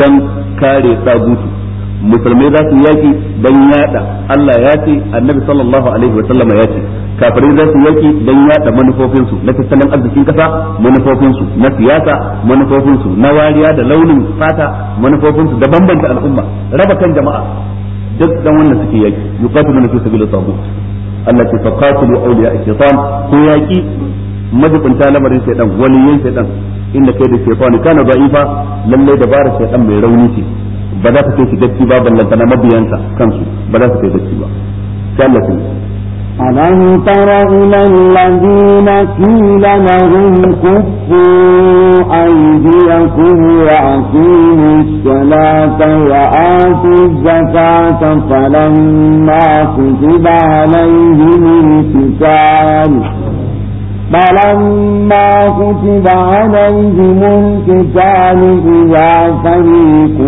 dan kare tagutu musulmai za su yaki dan yada Allah ya ce annabi sallallahu alaihi wa ya ce kafirai za su yaki dan yada manufofinsu na tattalin arzikin kasa manufofinsu na siyasa manufofinsu na wariya da launin fata manufofinsu da bambanta al'umma raba kan jama'a duk dan wannan suke yaki yuqatiluna fi sabilillah sabut Allah ce faqatilu awliya ash-shaytan ko yaki majibinta lamarin shaytan waliyin shaytan inda kai da shaytan kana da'ifa lalle dabara shaytan mai rauni ce ba za ka kai shi gaci ba ballanta na mabiyansa kansu ba za ka kai gaci ba sallatu ألم تر إلى الذين قيل لهم كفوا أيديكم وأقيموا الصلاة وآتوا الزكاة فلما كتب عليهم القتال فلما كتب عليهم القتال إذا فريق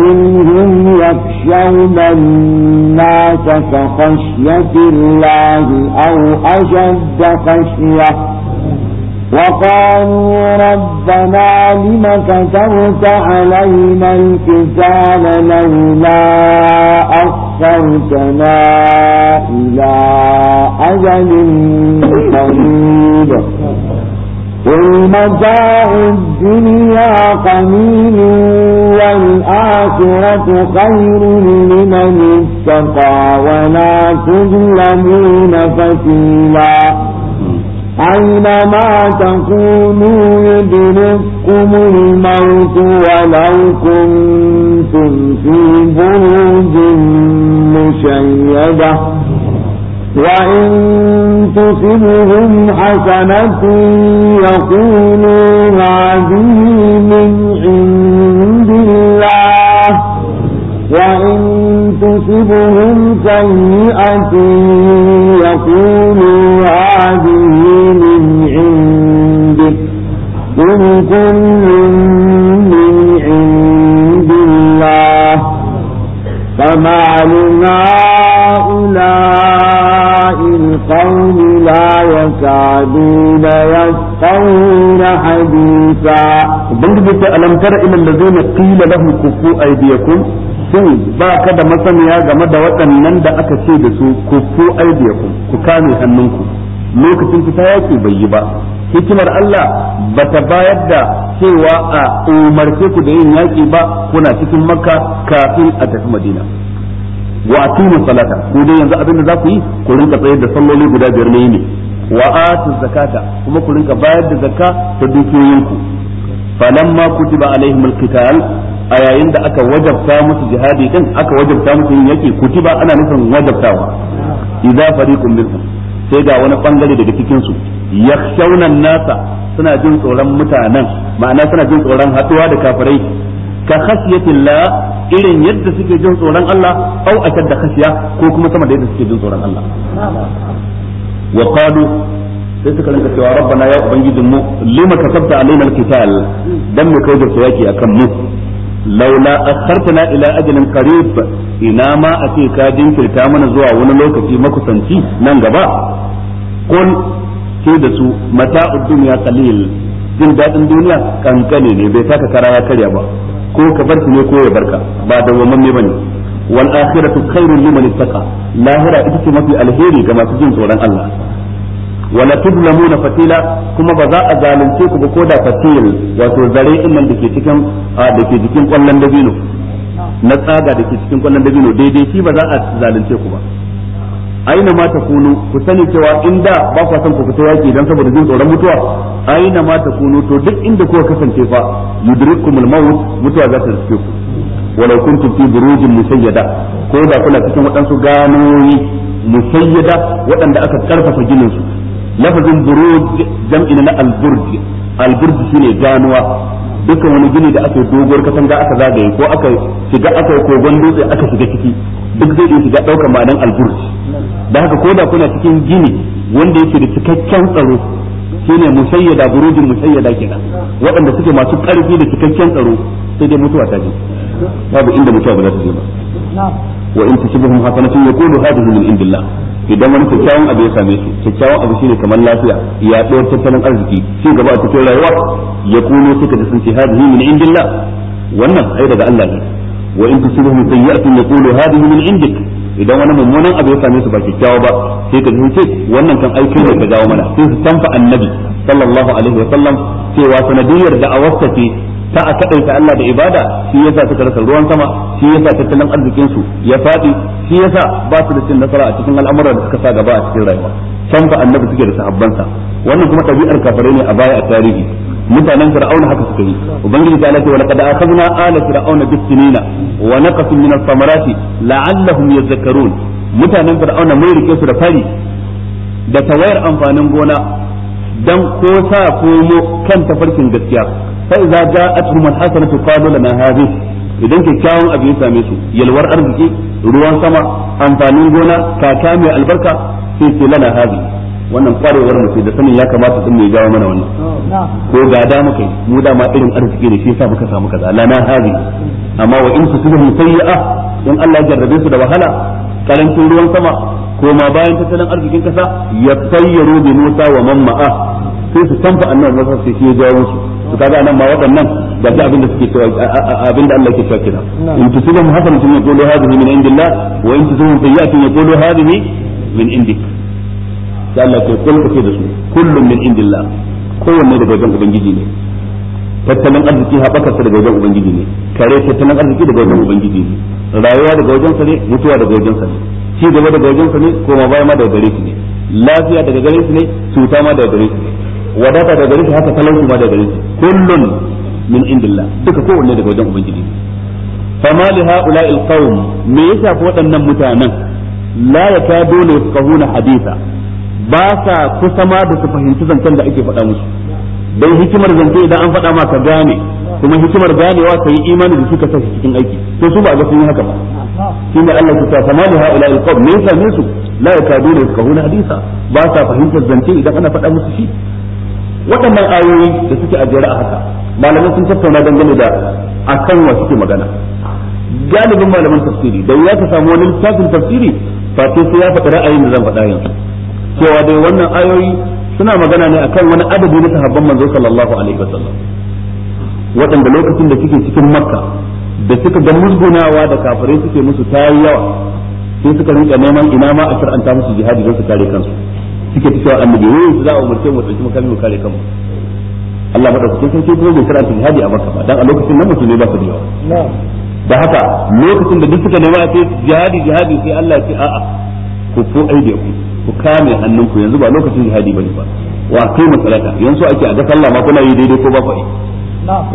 منهم يخشون الناس كخشية الله أو أشد خشية وقالوا ربنا لم كتبت علينا الكتاب لولا أخرتنا إلى أجل قريب قل متاع الدنيا قليل والآخرة خير لمن اتقى ولا تظلمون فتيلا أينما تكونوا يدرككم الموت ولو كنتم في بروج مشيدة وإن تصبهم حسنة يقولوا هذه من عند الله وإن تصبهم سيئة يقولوا hadisa ubangiji ta alam tara ila allazina qila lahum kufu aydiyakum shin ba ka da masaniya game da waɗannan da aka ce da su kufu aydiyakum ku kame hannunku lokacin fita yaki bai yi ba hikimar Allah ba ta bayar da cewa a umarce ku da yin yaki ba kuna cikin makka kafin a tafi madina wa atimu salata ku dai yanzu abin da za ku yi ku rinka tsayar da salloli guda biyar ne wa atu zakata kuma ku rinka bayar da zakka ta dukiyoyinku falamma kutiba alaihim alqital a yayin da aka wajabta musu jihadi din aka wajabta musu yin yaki kutiba ana nufin wajabtawa idza fariqun minhum sai ga wani bangare daga cikin su yakhshawna nasa suna jin tsoron mutanen ma'ana suna jin tsoron haɗuwa da kafirai ka khashiyatillah irin yadda suke jin tsoron Allah au a da khashiya ko kuma sama da yadda suke jin tsoron Allah wa qalu sai suka rinka cewa rabbana ya ubangijin mu lima kasabta alaina alqital dan mu kai da yaki akan mu laula akhartana ila ajalin qarib ina ma ace ka jinkirta mana zuwa wani lokaci makusanci nan gaba qul ce da su mata'ud dunya qalil jin dadin duniya kankane ne bai taka kara ya karya ba ko ka bar ne ko ya barka ba da wannan ne bane wal akhiratu khairul liman ittaqa lahira ita ce mafi alheri ga masu jin tsoron Allah wala tuzlamuna fatila kuma ba za a zalunce ku ba ko da fatil wato zare din nan dake cikin dake kwallon dabino na tsaga dake cikin kwallon dabino daidai shi ba za a zalunce ku ba aina ma kunu ku sani cewa in da ba ku san ku fita yaki dan saboda jin tsoron mutuwa aina ma kunu to duk inda kuka kasance fa yudrikumul maut mutuwa za ta ku walau kuntum fi burujin musayyada cikin waɗansu ganoyi musayyada waɗanda aka karfafa ginin su lafazin buruj jam'i na alburj alburj shine ganuwa dukkan wani gini da aka yi doguwar katanga aka zagaye ko aka shiga aka kogon dutse aka shiga ciki duk zai iya shiga ɗaukar ma'anan alburj da haka ko da cikin gini wanda yake da cikakken tsaro shine musayyada burujin musayyada kenan waɗanda suke masu ƙarfi da cikakken tsaro sai dai mutuwa ta ji babu inda mutuwa ba za ta je ba wa in tusibhum hasanatun yaqulu hadhihi min indillah idan wani kyakkyawan abu ya same su kyakkyawan abu shine kamar lafiya ya ɗora tattalin arziki ci gaba a cikin rayuwa yaqulu suka da sun ce hadhihi min indillah wannan ai daga Allah ne wa in tusibhum sayyi'atun yaqulu hadhihi min indik idan wani mummunan abu ya same su ba kyakkyawa ba sai ka ce wannan kan aikin ne ka jawo mana sai su annabi sallallahu alaihi wa sallam cewa sanadiyar da awasta ce ta a kadaita Allah da ibada shi yasa suka rasa ruwan sama shi yasa tattalin arzikin su ya fadi shi yasa ba su da cin nasara a cikin al'amuran da suka sa gaba a cikin rayuwa tanfa annabi suke da sahabbansa wannan kuma ɗabi'ar kafare ne a baya a tarihi mutanen fir'auna haka suka yi ubangiji ta alaka wa laqad akhadna ala fir'auna bisinina wa naqasu min as-samarati la'allahum yadhakkarun mutanen fir'auna mun rike su da fari da tawayar amfanin gona dan ko sa komo kan tafarkin gaskiya fa idza ja'atuhum al-hasanatu qalu lana hadhihi idan kyakkyawan abu ya same su yalwar arziki ruwan sama amfanin gona kaka mai albarka sai ce lana hadhihi wannan kwarewar mu ce da sanin ya kamata sun mai gawa mana wannan ko ga da muka mu da ma irin arziki ne shi yasa muka samu kaza la na hazi amma wa in kusubuhum sayyi'a in Allah jarrabe su da wahala karancin ruwan sama ko ma bayan tattalin arzikin kasa ya tayyaru bi Musa wa man ma'a sai su tanfa annabi Musa sai shi ya jawo su to kaga nan ma waɗannan da ta abin da suke cewa abin da Allah yake cewa kina in tusibuhum hasanatun yaqulu hadhihi min indillah wa in tusibuhum sayyi'atun yaqulu hadhihi min indik da Allah ke kulka ce da su kullum min indillah kowanne daga wajen ubangiji ne tattalin arziki haɓaka sa daga wajen ubangiji ne kare tattalin arziki daga wajen ubangiji ne rayuwa daga wajen sa ne mutuwa daga wajen sa ne ci gaba daga wajen sa ne koma baya ma daga gare su ne lafiya daga gare su ne cuta ma daga gare su ne wadata daga gare su haka talauci ma daga gare shi kullum min indillah duka kowanne daga wajen ubangiji ne fama li haula alqawm me yasa waɗannan mutanen la yakaduna yafqahuna haditha ba sa kusa ma da su fahimci zancen da ake faɗa musu don hikimar zance idan an faɗa ma ka gane kuma hikimar ganewa ka yi imani da ka sashi cikin aiki to su ba a sun yi haka ba shi ne Allah ta sama da ha'ula alqab me sa ne su la kadu da kahuna hadisa ba sa fahimtar zance idan ana faɗa musu shi waɗannan ayoyi da suke a jere a haka malamai sun tattauna dangane da akan wa suke magana galibin malaman tafsiri da ya ka samu wani littafin tafsiri fa sai ya faɗi ra'ayin da zan faɗa yanzu cewa dai wannan ayoyi suna magana ne akan wani adadi na sahabban manzo sallallahu alaihi wasallam waɗanda lokacin da suke cikin makka da suka ga musgunawa da kafirai suke musu tayi yawa sai suka rinka neman ina ma a shar'anta musu jihadi don su kare kansu suke cewa annabi wai eh, su za a umarce mu dauki makami mu kare kanmu Allah madaukakin sarki kuma bai shar'anta jihadi a makka ba dan a lokacin nan musulmai ba su da yawa da haka lokacin da duk suka nema sai jihadi jihadi sai Allah ya ce a'a ku ko aidiya ku ku kame hannunku yanzu ba lokacin jihadi bane ba wa kai masalata yanzu ake a ga sallah ma kuna yi daidai ko ba ku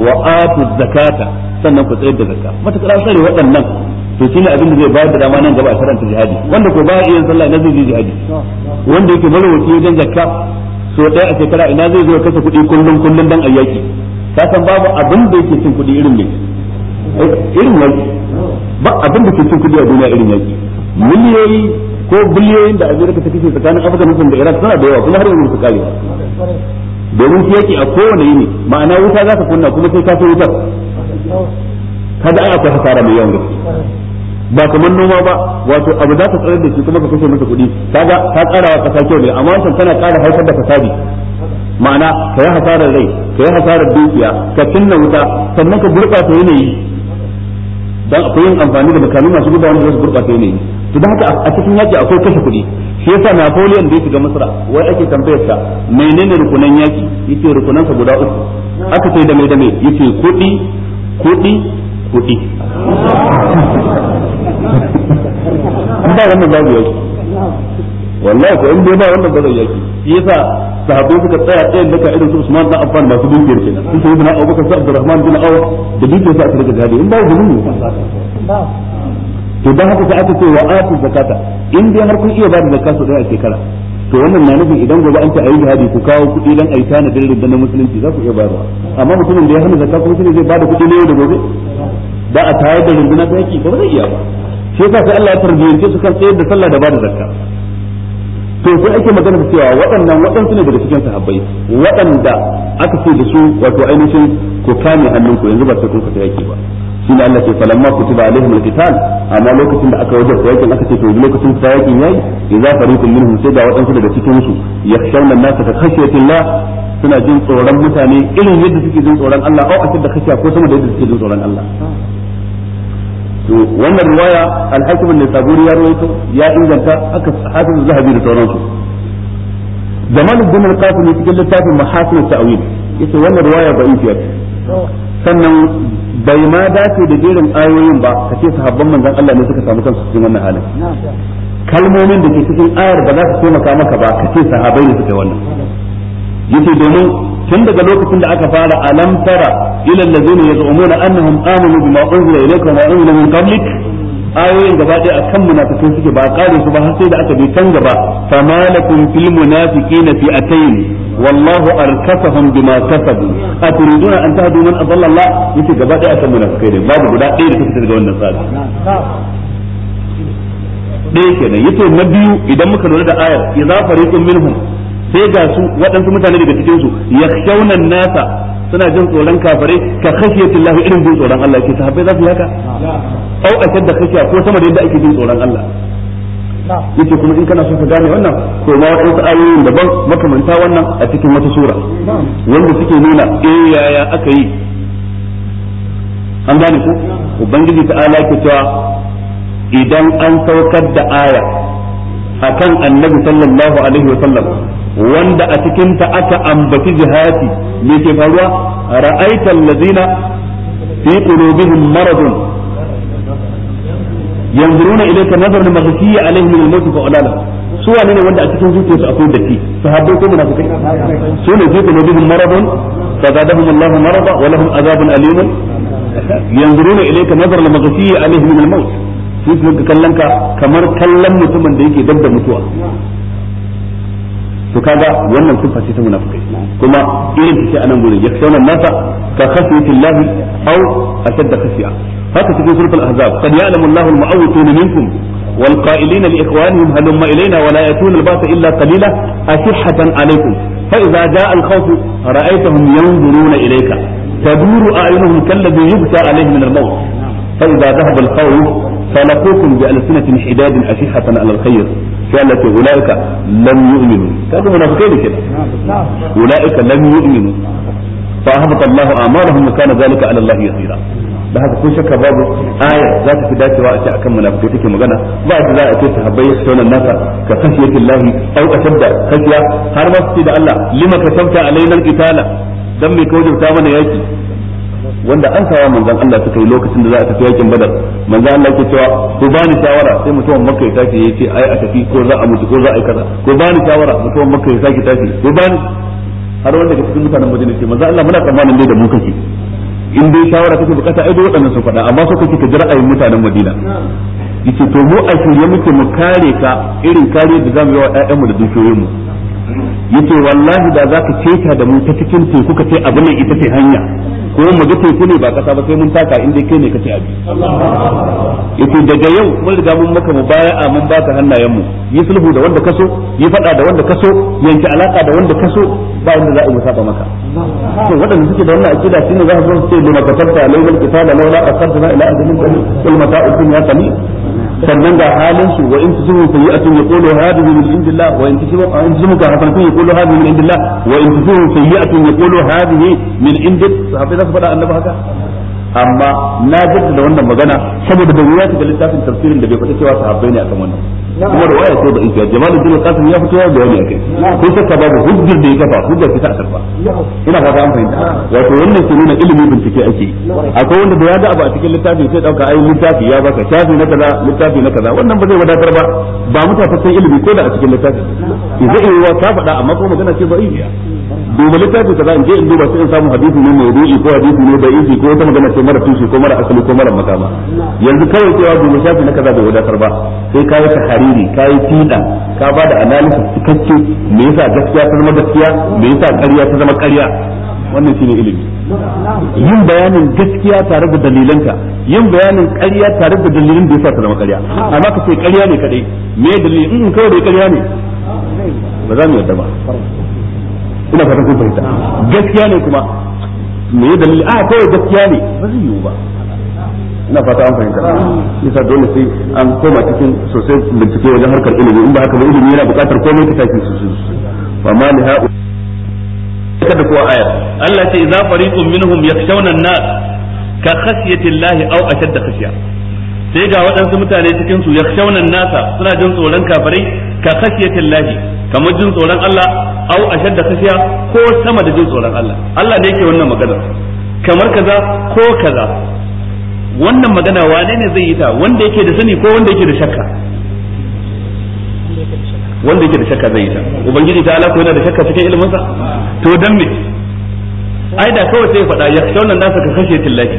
wa atu zakata sannan ku tsayar da zakka matakar an waɗannan to shine abin da zai bayar da dama nan gaba a karanta jihadi wanda ko ba iya sallah na zai jihadi wanda yake marwaci wajen zakka so ɗaya a shekara ina zai zo kasa kuɗi kullum kullum dan ayyaki ka san babu abin da yake cin kuɗi irin ne irin yaki ba abin da ke cin kuɗi a duniya irin yaki miliyoyi ko biliyoyin da amerika ta kashe tsakanin afganistan da iraq suna da yawa kuma har yanzu su kare domin su yake a kowane yini ma'ana wuta za ka kunna kuma sai ka fi wutar kaga ai akwai hasara mai yawan gaske ba kamar noma ba wato abu za ka tsare da shi kuma ka kashe masa kuɗi kaga ka ƙara wa kasa kyau ne amma wancan tana ƙara haifar da fasadi ma'ana ka yi hasarar rai ka yi hasarar dukiya ka cinna wuta sannan ka gurɓata yanayi don akwai yin amfani da makamai masu gudanar da su gurɓata yanayi to da haka a cikin yaki akwai kashe kuɗi shi yasa Napoleon da ya shiga Misra wai ake tambayar sa menene rukunan yaki yace rukunan sa guda uku aka ce da me da me yace kuɗi kuɗi kuɗi ba wannan babu yaki wallahi ko in bai ba wannan babu yaki shi yasa sahabbai suka tsaya tsayin daga irin su Usman da Affan da su dukiyar kenan su sai Abu Bakar su Abdurrahman bin Auf da dukiyar su aka rika jihadi in ba zunubi to dan haka sai aka ce wa atu zakata in dai har kun iya ba da zakka sau ɗaya a shekara to wannan na nufin idan gobe an ce ayi jihadi ku kawo kuɗi dan ayi tana da rinda musulunci za ku iya bayarwa amma mutumin da ya hana zakka kuma shine zai bada kuɗi ne da gobe da a tayar da rinduna ta yaki ba zai iya ba shi yasa sai Allah ya tarbiyyance su kan tsayar da sallah da bada zakka to sai ake magana da cewa waɗannan waɗansu ne daga cikin sahabbai waɗanda aka ce da su wato ainihin ku kame hannunku yanzu ba sai kun fita yaki ba shine Allah ke falamma kutiba alaihim alqital amma lokacin da aka wajen yakin aka ce to lokacin da yakin yayi idza fariqun minhum sai da wadansu daga cikin su yakhshawna an-nasa ka khashyatillah suna jin tsoron mutane irin yadda suke jin tsoron Allah au asir da khashya ko sama da yadda suke jin tsoron Allah to wannan riwaya al-hakim an-nisaburi ya rawaito ya inganta aka hafiz zahabi da sauransu zaman ibn al-qasim cikin littafin mahasin at-ta'wil yace wannan riwaya da'ifiya sannan bai ma dace da jerin ayoyin ba kace sahabban manzon Allah ne suka samu kansu cikin wannan halin kalmomin da ke cikin ayar ba za su taimaka maka ba kace sahabai ne suka yi wannan yace domin tun daga lokacin da aka fara alam tara ila allazina yaz'umuna annahum amanu bima unzila ilayka wa unzila min qablik ayoyin gaba ɗaya akan munafikai suke ba kare su ba har sai da aka bi can gaba famalakum fil munafiqina fi taini. wallahu arkasahum bima kasabu aturiduna an tahdu man adalla Allah yace gaba daya akan munafikai ne babu guda ɗaya da take daga wannan tsari ɗaya kenan yace na biyu idan muka lura da ayar idza fariqun minhum sai ga su waɗansu mutane daga cikin su yakhshawna nasa suna jin tsoron kafare ka khashiyati Allah irin jin tsoron Allah ke sahabbai za su yaka au ashadda khashiya ko sama da yadda ake jin tsoron Allah yace kuma in kana so ka gane wannan ko ma wadansu ayoyin daban makamanta wannan a cikin wata sura wanda suke nuna eh yaya aka yi an gane ku ubangiji ala ke cewa idan an saukar da aya akan annabi sallallahu alaihi wa sallam wanda a cikin ta aka ambaci jihati me ke faruwa ra'aital lazina fi qulubihim maradun yanzuruna ilayka nazaran maghfiya alaihim min al-maut fa ulala su wane ne wanda a cikin zuciyarsu akwai datti sahabbai ko munafikai su ne zuciya ne bihim maradun fa zadahum Allah marada wa lahum azabun alim yanzuruna ilayka nazaran maghfiya alaihim min kamar kallon mutumin da yake dab da mutuwa to kaga wannan sifa ce ta munafikai kuma irin ta anan gurin ya kauna nasa ka au llahi aw ashadd khasiya haka cikin surtul ahzab qad ya'lamu llahu al-mu'awwiqina minkum wal qa'ilina li ikhwanihim halumma ilayna wa la yatuna al-ba'sa illa qalila ashihatan alaykum fa idza ja'a al-khawf ra'aytahum yanzuruna ilayka تدور أعينهم كالذي يغشى عليه من الموت فإذا ذهب الخوف falakukum bi alsinatin hidadin ashihatan alal khayr sai Allah ce ulaika lam yu'minu kaga munafikai ne kenan ulaika lam yu'minu fa ahbata Allahu a'malahum wa zalika ala da haka ko shakka babu ayar za ta fi dacewa a ce akan munafikai take magana ba ta za a ce sahabbai su tona nasa ka yake lahi au ashadda khashiya har ma su ce da Allah lima kasabta alaina alqitala dan me ka wajabta mana yaki wanda an kawo manzon Allah suka yi lokacin da za a tafi yakin badar manzon Allah ke cewa ko bani shawara sai mutumin makka ya tafi ya ce ai a tafi ko za a mutu ko za a yi kaza ko bani shawara mutumin makka ya saki tafi ko bani har wanda ke cikin mutanen Madina ce manzon Allah muna tsammanin dai da mu kake in dai shawara kake bukata ai dai waɗannan sun faɗa amma so kake ka ji ra'ayin mutanen Madina yace to mu a shirye muke mu kare ka irin kare da zamu yi wa ƴaƴanmu da dukiyoyinmu yace wallahi da zaka keta da mu ta cikin teku ka ce abu ne ita ce hanya ko mu ga teku ne ba kasa ba sai mun taka inda kai ne kace abi yace daga yau mun riga mun maka mubaya'a mun baka hannayen mu yi sulhu da wanda kaso yi fada da wanda kaso yanki alaka da wanda kaso ba inda za a yi musaba maka to wadanda suke da wannan akida shine za su ce lima kafarta alaina laula aqadna ila ajalin qalil kul mata'u dunya qalil sannan ga halin su wa in tusibu sayyi'atun yaqulu hadhihi min indillah wa in tusibu in tusibu ka hasanatun yaqulu hadhihi min indillah wa in tusibu sayyi'atun yaqulu hadhihi min indik sahabbai za su faɗa annabi haka amma na da wannan magana saboda da wuya ta littafin tafsirin da bai fata cewa sahabbai ne akan wannan kuma da waya ce da inkiya jamalu bin qasim ya fito ya wani akai ko saka babu hujjar da ya kafa hujjar ta karba ina fata an fahimta wato wannan ke nuna ilimi bincike ake akwai wanda da ya ga abu a cikin littafin sai dauka ai littafi ya baka shafi na kaza littafi na kaza wannan ba zai wadatar ba ba san ilimi ko da a cikin littafi yi wa ta faɗa amma kuma magana ce ba iya duba littafi kaza in je in duba sai in samu hadisi ne mai ruhi ko hadisi ne da isi ko wata magana ce mara tushe ko mara asali ko mara makama yanzu kawai cewa duba shafi na kaza bai wadatar ba sai ka yi tahariri ka yi tida ka ba da analysis cikakke me yasa gaskiya ta zama gaskiya me yasa ƙarya ta zama ƙarya wannan shine ilimi yin bayanin gaskiya tare da dalilanka yin bayanin ƙarya tare da dalilin da yasa ta zama ƙarya amma ka ce ƙarya ne kadai me dalili in kawai dai ƙarya ne ba za mu yarda ba ina fata kun fahimta gaskiya ne kuma me ya dalili a ah, kawai gaskiya ne ba zai yiwu ba ina fata an fahimta yasa dole sai an koma cikin sosai bincike wajen harkar ilimi in ba haka ba ilimi yana buƙatar komai ta su su wa ma li ha'u kada ko aya Allah ce idza fariqun minhum yakshawna an-nas ka khashyati Allah aw ashadda khashya sai ga waɗansu mutane cikin su yakshawna an-nasa suna jin tsoron kafirai ka khashiyati llahi kamar jin tsoron Allah au ashadda khashiya ko sama da jin tsoron Allah Allah ne yake wannan magana kamar kaza ko kaza wannan magana wane ne zai yi ta wanda yake da sani ko wanda yake da shakka wanda yake da shakka zai yi ta ubangiji ta ala yana da shakka cikin ilimin sa to dan me ai da kawai sai faɗa yakshawna nasa ka kashe Allah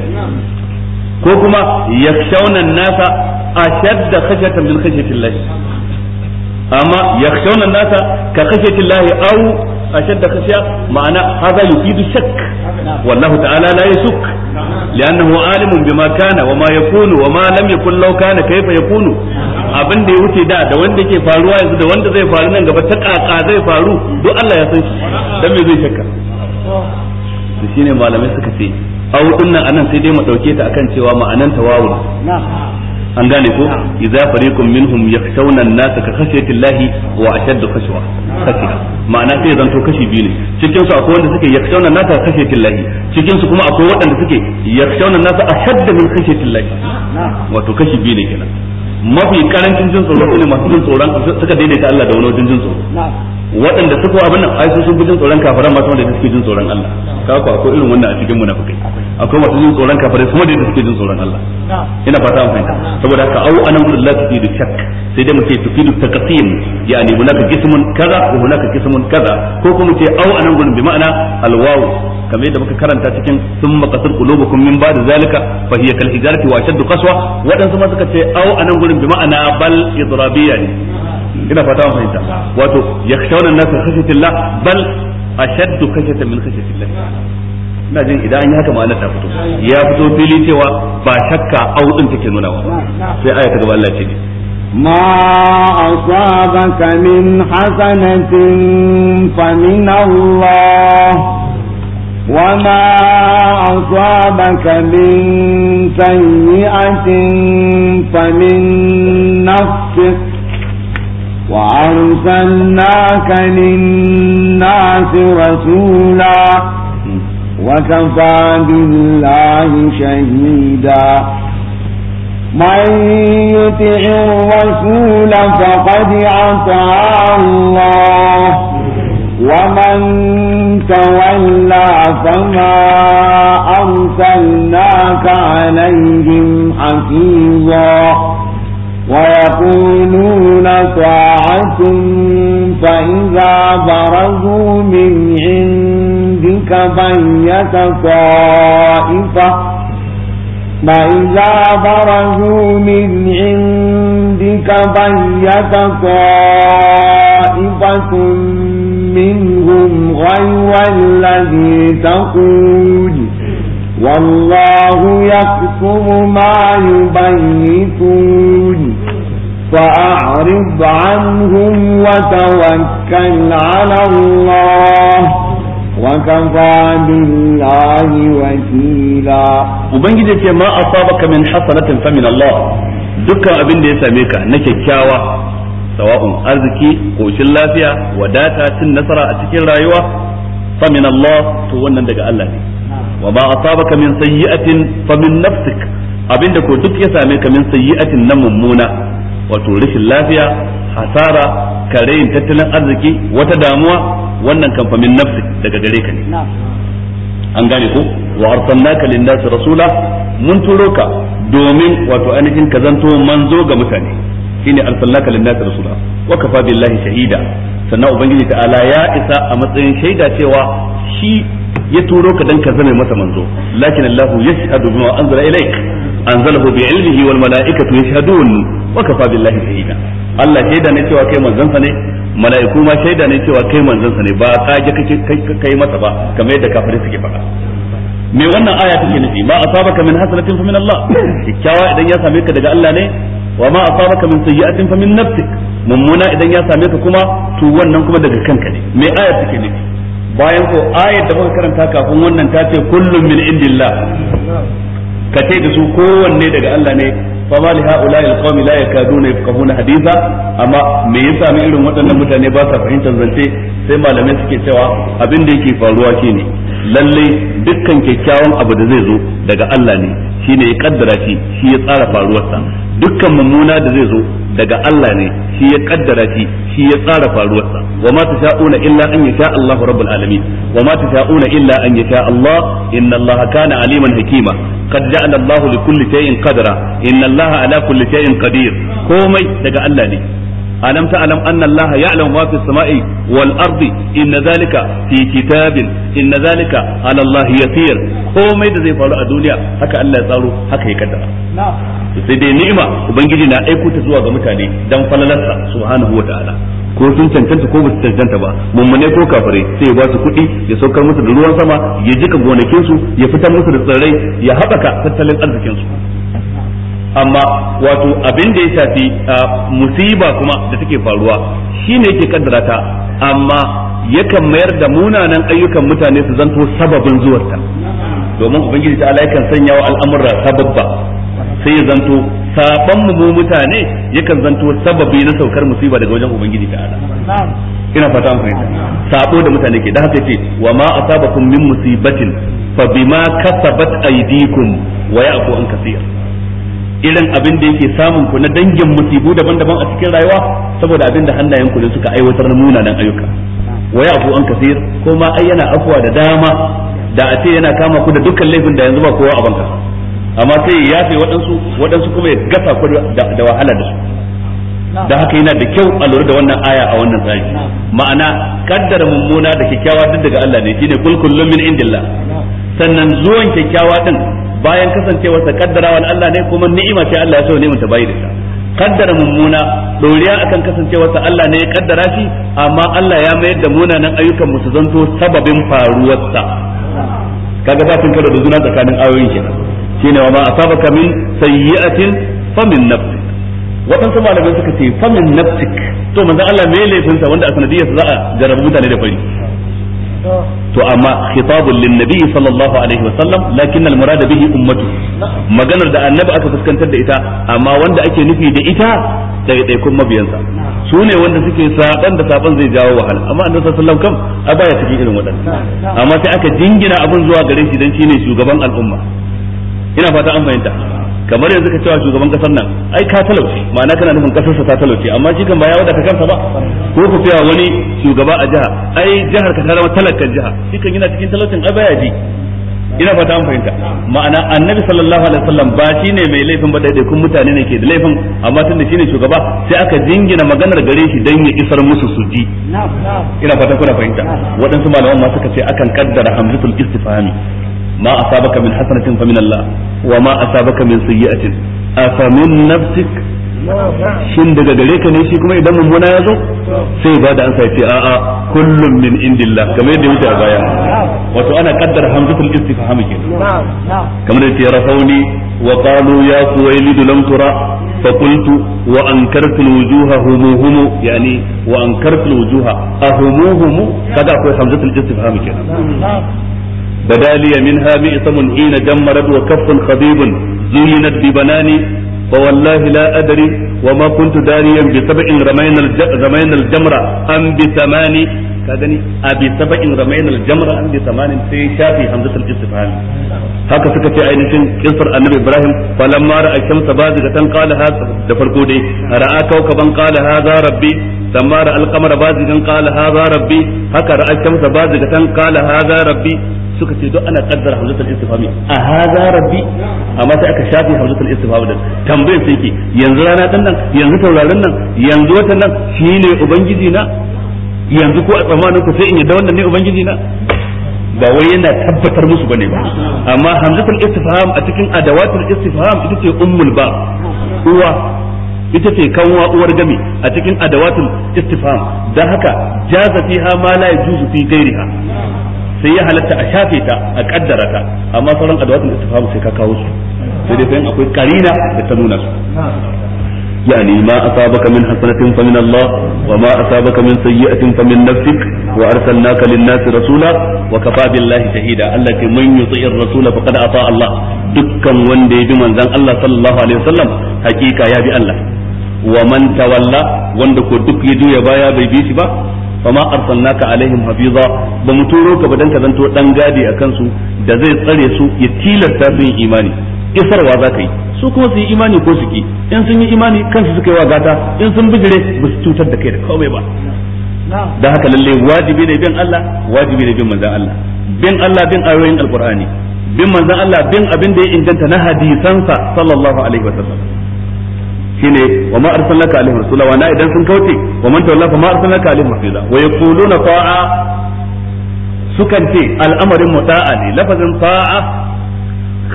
ko kuma yakshawna nasa ashadda khashyatan min khashyati Allah amma ya an-nasa ka khashyati llahi aw أشد خشية معنى هذا يفيد الشك wallahu ta'ala لا يشك لأنه عالم بما wa وما يكون وما lam yakun law kana kayfa yakunu abin da ya wuce da da wanda ke faruwa yanzu da wanda zai faru nan gaba ta kaka zai faru duk Allah ya san shi dan me zai shakka to shine malamai suka ce au dinnan anan sai dai mu dauke ta akan cewa ma'anan tawawun an gane ko idza fariqum minhum yakhshawna an-nasa ka khashyati llahi wa ashaddu khashwa khashiya ma'ana sai zan to kashi biyu ne cikin su akwai wanda suke yakhshawna an-nasa ka khashyati llahi cikin su kuma akwai wanda suke yakhshawna an-nasa ashaddu min khashyati llahi wato kashi biyu ne kenan mafi karancin jin tsoro ne masu jin tsoron suka daidaita Allah da wani jin tsoro waɗanda suka abin nan ai sun fi jin tsoron kafiran ma sama da suke jin tsoron Allah ka ku akwai irin wannan a cikin munafikai akwai masu jin tsoron kafirai sama da suke jin tsoron Allah ina fata an fahimta saboda haka au anan gurin la da shakk sai dai mu ce da taqsim yani hunaka jismun kaza wa hunaka jismun kaza ko kuma ce au anan gurin bi ma'ana alwaw kamar yadda muka karanta cikin summa qasar qulubukum min ba'd zalika fa hiya kal hijarati wa shaddu qaswa wadansu ma suka ce au anan gurin bi ma'ana bal idrabiyani ina fata an fahimta wato yakhshawna an-nas min khashyatillah bal ashaddu khashyatan min khashyatillah ina jin idan an yi haka ma'anar ta fito ya fito fili cewa ba shakka au din take nuna wa sai aya ta gaba Allah ce ma asabaka min hasanatin fa min Allah wa ma asabaka min sayyi'atin fa min nafsik وأرسلناك للناس رسولا وكفى بالله شهيدا من يطع الرسول فقد أطاع الله ومن تولى فما أرسلناك عليهم حفيظا ويقولون طاعة فإذا برزوا من عندك بيت طائفة فإذا برزوا من عندك بيت طائفة منهم غير الذي تقول والله يكتب ما يبيتون فأعرض عنهم وتوكل على الله وكفى بالله وكيلا وبنجد ما أصابك من حسنة فمن الله dukkan abin da ya same ka na kyakkyawa sawa'un arziki ƙoshin lafiya wadata cin nasara a cikin rayuwa fa min to wannan daga Allah ne wa ma asabaka min sayyi'atin fa min nafsik abinda ko duk ya same ka min sayyi'atin na mummuna wato rashin lafiya hasara yin tattalin arziki wata damuwa wannan kamfamin nafsi daga gare ka ne an gane ko wa arsalnaka lin-nasi rasula mun turo ka domin wato ainihin ka zanto manzo ga mutane shine arsalnaka lin-nasi rasula wa kafa billahi shahida sannan ubangiji ta'ala ya isa a matsayin shaida cewa shi ya turo ka dan ka zame masa manzo lakin Allah yashhadu bima anzala ilaik anzalahu bi ilmihi wal malaikatu yashhadun wa kafa billahi shahida Allah shaida ne cewa kai manzon sa ne mala'iku ma shaida ne cewa kai manzon sa ne ba kage kake kai masa ba kamar yadda kafirai suke faɗa me wannan aya take nufi ma asabaka min hasanatin fa min Allah kikkiawa idan ya same ka daga Allah ne wa ma asabaka min sayyi'atin fa min nafsik mummuna idan ya same ka kuma to wannan kuma daga kanka ne me aya take nufi bayan ko ayar da muka karanta kafin wannan ta ce kullum min indillah ka ce da su kowanne daga Allah ne fama li haula alqawmi la yakaduna yafqahuna haditha amma me yasa mu irin waɗannan mutane ba sa fahimtar zance sai malamai suke cewa abin da yake faruwa shine lalle dukkan kyakkyawan abu da zai zo daga Allah ne ne ya kaddara shi shi ya tsara faruwarsa dukkan mummuna da zai zo daga Allah ne shi ya kaddara shi shi ya tsara faruwarsa wa ma tasha'una illa an yasha Allahu rabbul alamin wa ma tasha'una illa an yasha Allah inna Allah kana aliman hakima qad ja'ala Allahu li kulli shay'in qadra inna Allah ala kulli shay'in qadir komai daga Allah ne alam ta anna Allah ya'lamu ma fi samai wal arzi inna zalika fi kitabin inna zalika ala Allah yasir komai da zai faru a duniya haka Allah ya tsaro haka ya kadda. sai dai ni'ima ubangiji na aiko ta zuwa ga mutane dan falalarsa subhanahu wa ta'ala ko sun cancanta ko ba su cancanta ba mummune ko kafare sai ya ba kuɗi ya saukar musu da ruwan sama ya jika gonakin su ya fitar musu da tsirrai ya haɓaka tattalin arzikin su amma wato abin da ya shafi musiba kuma da take faruwa shine yake kaddara ta amma yakan mayar da munanan ayyukan mutane su zanto sababin zuwarta domin ubangiji ta yakan sanya wa al'amura sababba sai ya zanto saban mu mutane yakan zanto sababi na saukar musiba daga wajen ubangiji ta ala ina fata an fahimta sabo da mutane ke da haka ce wa ma asabakum min musibatin fa bima kasabat aydikum wa ya'fu an kaseer irin abin da yake samun ku na dangin musibu daban-daban a cikin rayuwa saboda abin da hannayen ku ne suka aiwatar na munanan ayyuka waya abu an kasir ko ma ai yana afwa da dama da a ce yana kama ku da dukkan laifin da yanzu ba kowa a banka amma sai ya yafe waɗansu waɗansu kuma ya gasa ku da wahala da su da haka yana da kyau a lura da wannan aya a wannan tsari ma'ana kaddar mummuna da kyakkyawa duk daga Allah ne shine kulkullu min indillah sannan zuwan kyakkyawa din bayan kasancewa sa Allah ne kuma ni'ima ce Allah ya so ne mutum bai da ta kaddara mummuna doriya akan kasancewa Allah ne ya kaddara shi amma Allah ya mayar da munanan ayyukan mu su zanto sababin faruwar sa kaga zafin tun kada da juna tsakanin ayoyin kenan shine wa ma asabaka min sayyi'atin famin nafsik waɗansu malamai suka ce famin nafsik to manzo Allah me laifin sa wanda a sanadiyar za a jarabu mutane da fari to amma khitabun lin nabi sallallahu alaihi wa sallam lakin al murad bihi ummatu maganar da annabi aka fuskantar da ita amma wanda ake nufi da ita ɗaiɗaikun mabiyansa su ne wanda suke saban da saban zai jawo wahala amma annabi sallallahu kam a baya cikin irin waɗannan amma sai aka jingina abin zuwa gare shi dan shine shugaban al'umma ina fata an fahimta kamar yanzu ka cewa shugaban kasar nan ai ka talauci ma'ana kana nufin kasarsa ta talauci amma shi kan ba ya wadata kansa ba ko ku cewa wani shugaba a jiha ai jihar ka ta zama talakan jiha shi kan yana cikin talaucin ai baya ji ina fata an fahimta ma'ana annabi sallallahu alaihi wasallam ba shi ne mai laifin ba daidai kun mutane ne ke da laifin amma tunda ne shugaba sai aka jingina maganar gare shi dan ya isar musu su ji ina fata kuna fahimta waɗansu malaman ma suka ce akan kaddara hamzatul istifhami ma asabaka min hasanatin fa min Allah wa ma asabaka min sayyi'atin afa min nafsik shin daga gare ka ne shi kuma idan mummuna ya zo sai ba da an sai ce a'a kullum min indillah kamar yadda muke a baya wato ana kaddara hamzatul istifham ke kamar da ya rafauni wa qalu ya suwaylid lam tura fa qultu wa ankartu alwujuha humuhum yani wa ankartu alwujuha ahumuhum kada akwai hamzatul istifham ke بدا لي منها مئثم حين دمرت وكف خضيب زينت ببناني فوالله لا أدري وما كنت داريا بسبع رمينا رمينا الجمرة أم بثماني كذني أبي سبع رمينا الجمرة أم بثمان في شافي همزة الاستفهام haka suka ce ainihin kisar annabi ibrahim falamma ra'a shamsa bazigatan qala hadha da farko dai ra'a kawkaban qala hadha rabbi lamma ra alqamara bazigan qala hadha rabbi haka ra alshamsa bazigatan qala hadha rabbi suka ce duk ana kaddara hamzatul istifhami a hadha rabbi amma sai aka shafi hamzatul istifhami din tambayar sai ke yanzu rana din nan yanzu tauraron nan yanzu watan nan shine ubangiji na yanzu ko a tsammanin ku sai in yadda wannan ne ubangiji na ba wai yana tabbatar musu bane ba amma hamzatul istifham a cikin adawatul istifham ita ce ummul ba uwa ita ce kanwa uwar gami a cikin adawatul istifham dan haka jaza fiha ma la yajuzu fi ghairiha sai ya halatta a shafe ta a kaddara ta amma sauran adawatul istifham sai ka kawo su sai dai fayin akwai karina da ta nuna su يعني ما أصابك من حسنة فمن الله وما أصابك من سيئة فمن نفسك وأرسلناك للناس رسولا وكفى بالله شهيدا التي من يطيع الرسول فقد أطاع الله دكا وندي بمن زن الله صلى الله عليه وسلم حقيقة يا بي الله wa man tawalla wanda ko duk ya juya baya bai bi shi ba fama arsalnaka alaihim hafiza ba mu turo ka ba dan ka zanto dan gadi akan su da zai tsare su ya tilasta su yin imani isarwa za ka yi su kuma su yi imani ko su ki in sun yi imani kansu suka yi wa gata in sun bijire ba su cutar da kai da komai ba da haka lalle wajibi ne bin Allah wajibi ne bin manzan Allah bin Allah bin ayoyin alqur'ani bin manzan Allah bin abin da ya inganta na hadisansa sallallahu alaihi wa wasallam shine wa ma arsalnaka alaihi rasula wa na idan sun kauce wa man tawalla fa ma arsalnaka alaihi rasula wa yaquluna ta'a sukan ce al'amarin mu da'a ne lafazin ta'a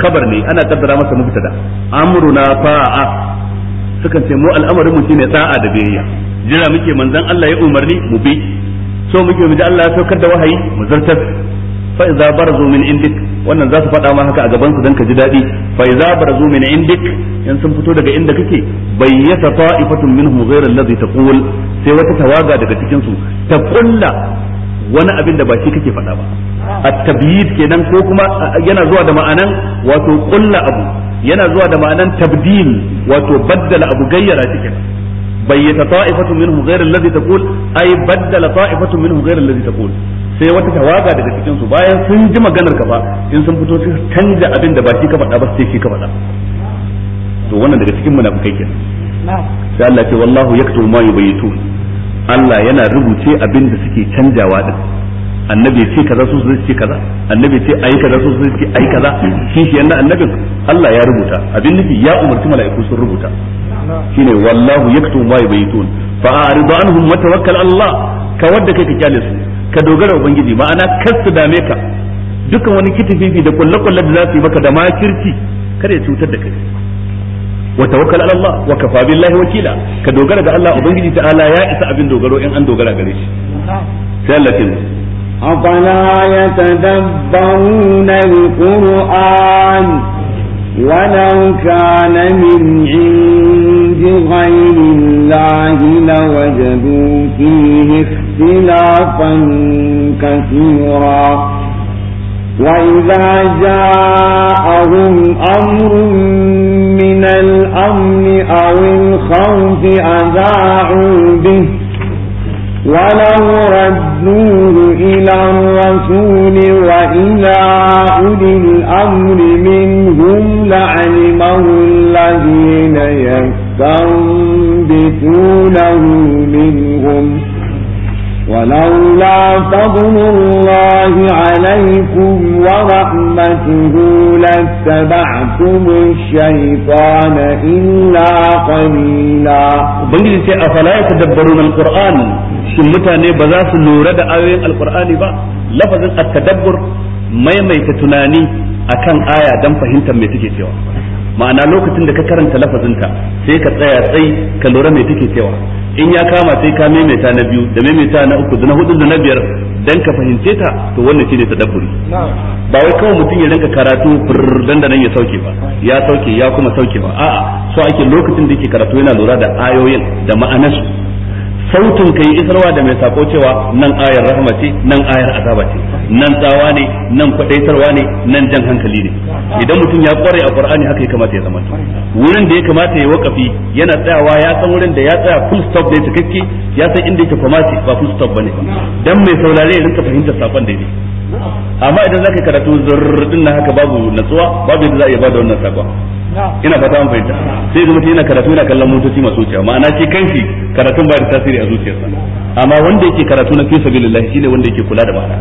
khabar ne ana kaddara masa mubtada amruna ta'a sukan ce mu al'amarin mu shine ta'a da biyayya jira muke manzon Allah ya umarni mu bi so muke mu ji Allah ya saukar da wahayi mu zartar fa idza barzu min indik wannan za su faɗa ma haka a gaban su dan ka ji daɗi fa idza barzu min indik in sun fito daga inda kake bayyata ta'ifatun minhum ghayra allazi taqul sai wata tawaga daga cikin su ta kulla wani abin da ba shi kake faɗa ba at-tabyid kenan ko kuma yana zuwa da ma'anan wato kulla abu yana zuwa da ma'anan tabdil wato baddala abu gayyara cikin bayyata ta'ifatun minhum ghayra allazi taqul ay baddala ta'ifatun minhum ghayra allazi taqul sai wata tawaga daga cikin su bayan sun ji maganar ka ba in sun fito sun canja abin da ba shi ka faɗa ba sai shi ka faɗa to wannan daga cikin munafikai kenan sai Allah ce wallahu yaktubu ma yubayitun Allah yana rubuce abin da suke canjawa din annabi ce kaza su zai ce kaza annabi ce ayi kaza su zai ce ayi kaza shi shi yanda annabin Allah ya rubuta abin nufi ya umarci mala'iku sun rubuta shine wallahu yaktubu ma yubayitun fa a'rid anhum wa tawakkal Allah ka wadda kai ka kyale su ka dogara ubangiji ma'ana kar su dame ka dukkan wani kitififi da kullakullar da za su yi maka da makirci kar ya cutar da kai wa tawakkal ala Allah wa kafa billahi wakila ka dogara ga Allah ubangiji ta'ala ya isa abin dogaro in an dogara gare shi sai Allah kin afala yatadabbaruna alquran ولو كان من عند غير الله لوجدوا فيه اختلافا كثيرا وإذا جاءهم أمر من الأمن أو الخوف أذاعوا به ولو ردوه إلى الرسول وإلى أولي الأمر منهم لعلمه الذين يستنبتونه منهم ولولا فضل الله عليكم ورحمته لاتبعتم الشيطان إلا قليلا بنجد سي أفلا يتدبرون القرآن شو متاني بذاس نورد آيين القرآن با لفظ التدبر ما يميت تناني akan aya dan fahimtar me take cewa ma'ana lokacin da ka karanta ta sai ka tsaya tsai ka lura mai take cewa in ya kama sai ka maimaita na biyu da maimaita na uku da na hudu da na biyar dan ka fahimce ta to wannan shine dabburi ba wai kawai mutum ya rinka karatu dan da nan ya sauke ba ya sauke ya kuma sauke ba a'a so ake lokacin da yake karatu yana lura da ayoyin da ma'anarsu sautin ka yi isarwa da mai sako cewa nan ayar rahama ce nan ayar azaba ce nan tsawa ne nan kwadaitarwa ne nan jan hankali ne idan mutum ya kware a qur'ani haka ya kamata ya zama wurin da ya kamata ya wakafi yana tsayawa ya san wurin da ya tsaya full stop ne cikakke ya san inda yake famasi ba full stop bane dan mai saurare ya rinka fahimtar sakon da yake amma idan zaka karatu zurrudin na haka babu natsuwa babu yadda za a iya bada wannan sakon ina fata an fahimta sai ga mutum yana karatu yana kallon motoci masu wucewa ma'ana shi kanshi karatun ba da tasiri a zuciyarsa amma wanda yake karatu na fi sabilillah ne wanda yake kula da ma'ana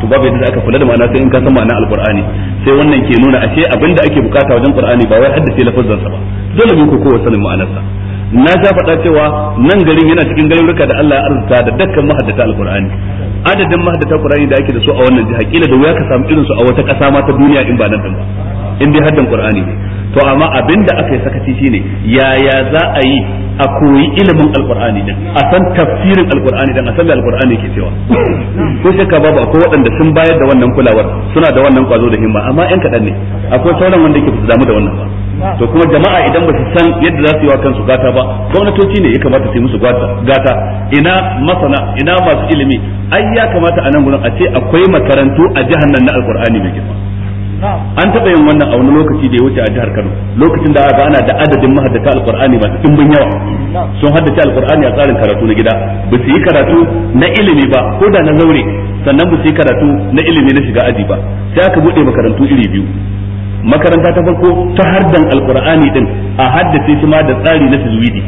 to babu yadda aka kula da ma'ana sai in ka san ma'anar alqur'ani sai wannan ke nuna ashe abinda ake bukata wajen qur'ani ba wai haddace sa ba dole mun ko kowa sanin sa. na ga faɗa cewa nan garin yana cikin garuruka da Allah ya arzuta da dukkan mahaddata alqur'ani adadin mahaddata qur'ani da ake da su a wannan jiha kila da wuya ka samu irin su a wata ƙasa ma ta duniya in ba nan ba in dai haddan qur'ani to amma abinda aka yi sakaci shine yaya za a yi a koyi ilimin alkurani din a san tafsirin alkurani din a san alkur'ani ke cewa ko shakka babu akwai waɗanda sun bayar da wannan kulawar suna da wannan kwazo da himma amma yan kaɗan ne akwai sauran wanda yake su damu da wannan ba to kuma jama'a idan ba su san yadda za su yi wa kansu gata ba gwamnatoci ne ya kamata su yi musu gata ina masana ina masu ilimi ai ya kamata a nan gurin a ce akwai makarantu a jihar nan na alkurani mai girma an taɓa yin wannan a wani lokaci da ya wuce a jihar Kano lokacin da aka ana da adadin mahaddata alqur'ani masu dimbin yawa sun haddace alqur'ani a tsarin karatu na gida ba su yi karatu na ilimi ba ko da na zaure sannan ba su yi karatu na ilimi na shiga aji ba sai aka buɗe makarantu iri biyu makaranta ta farko ta hardan alqur'ani din a haddace shi ma da tsari na tajwidi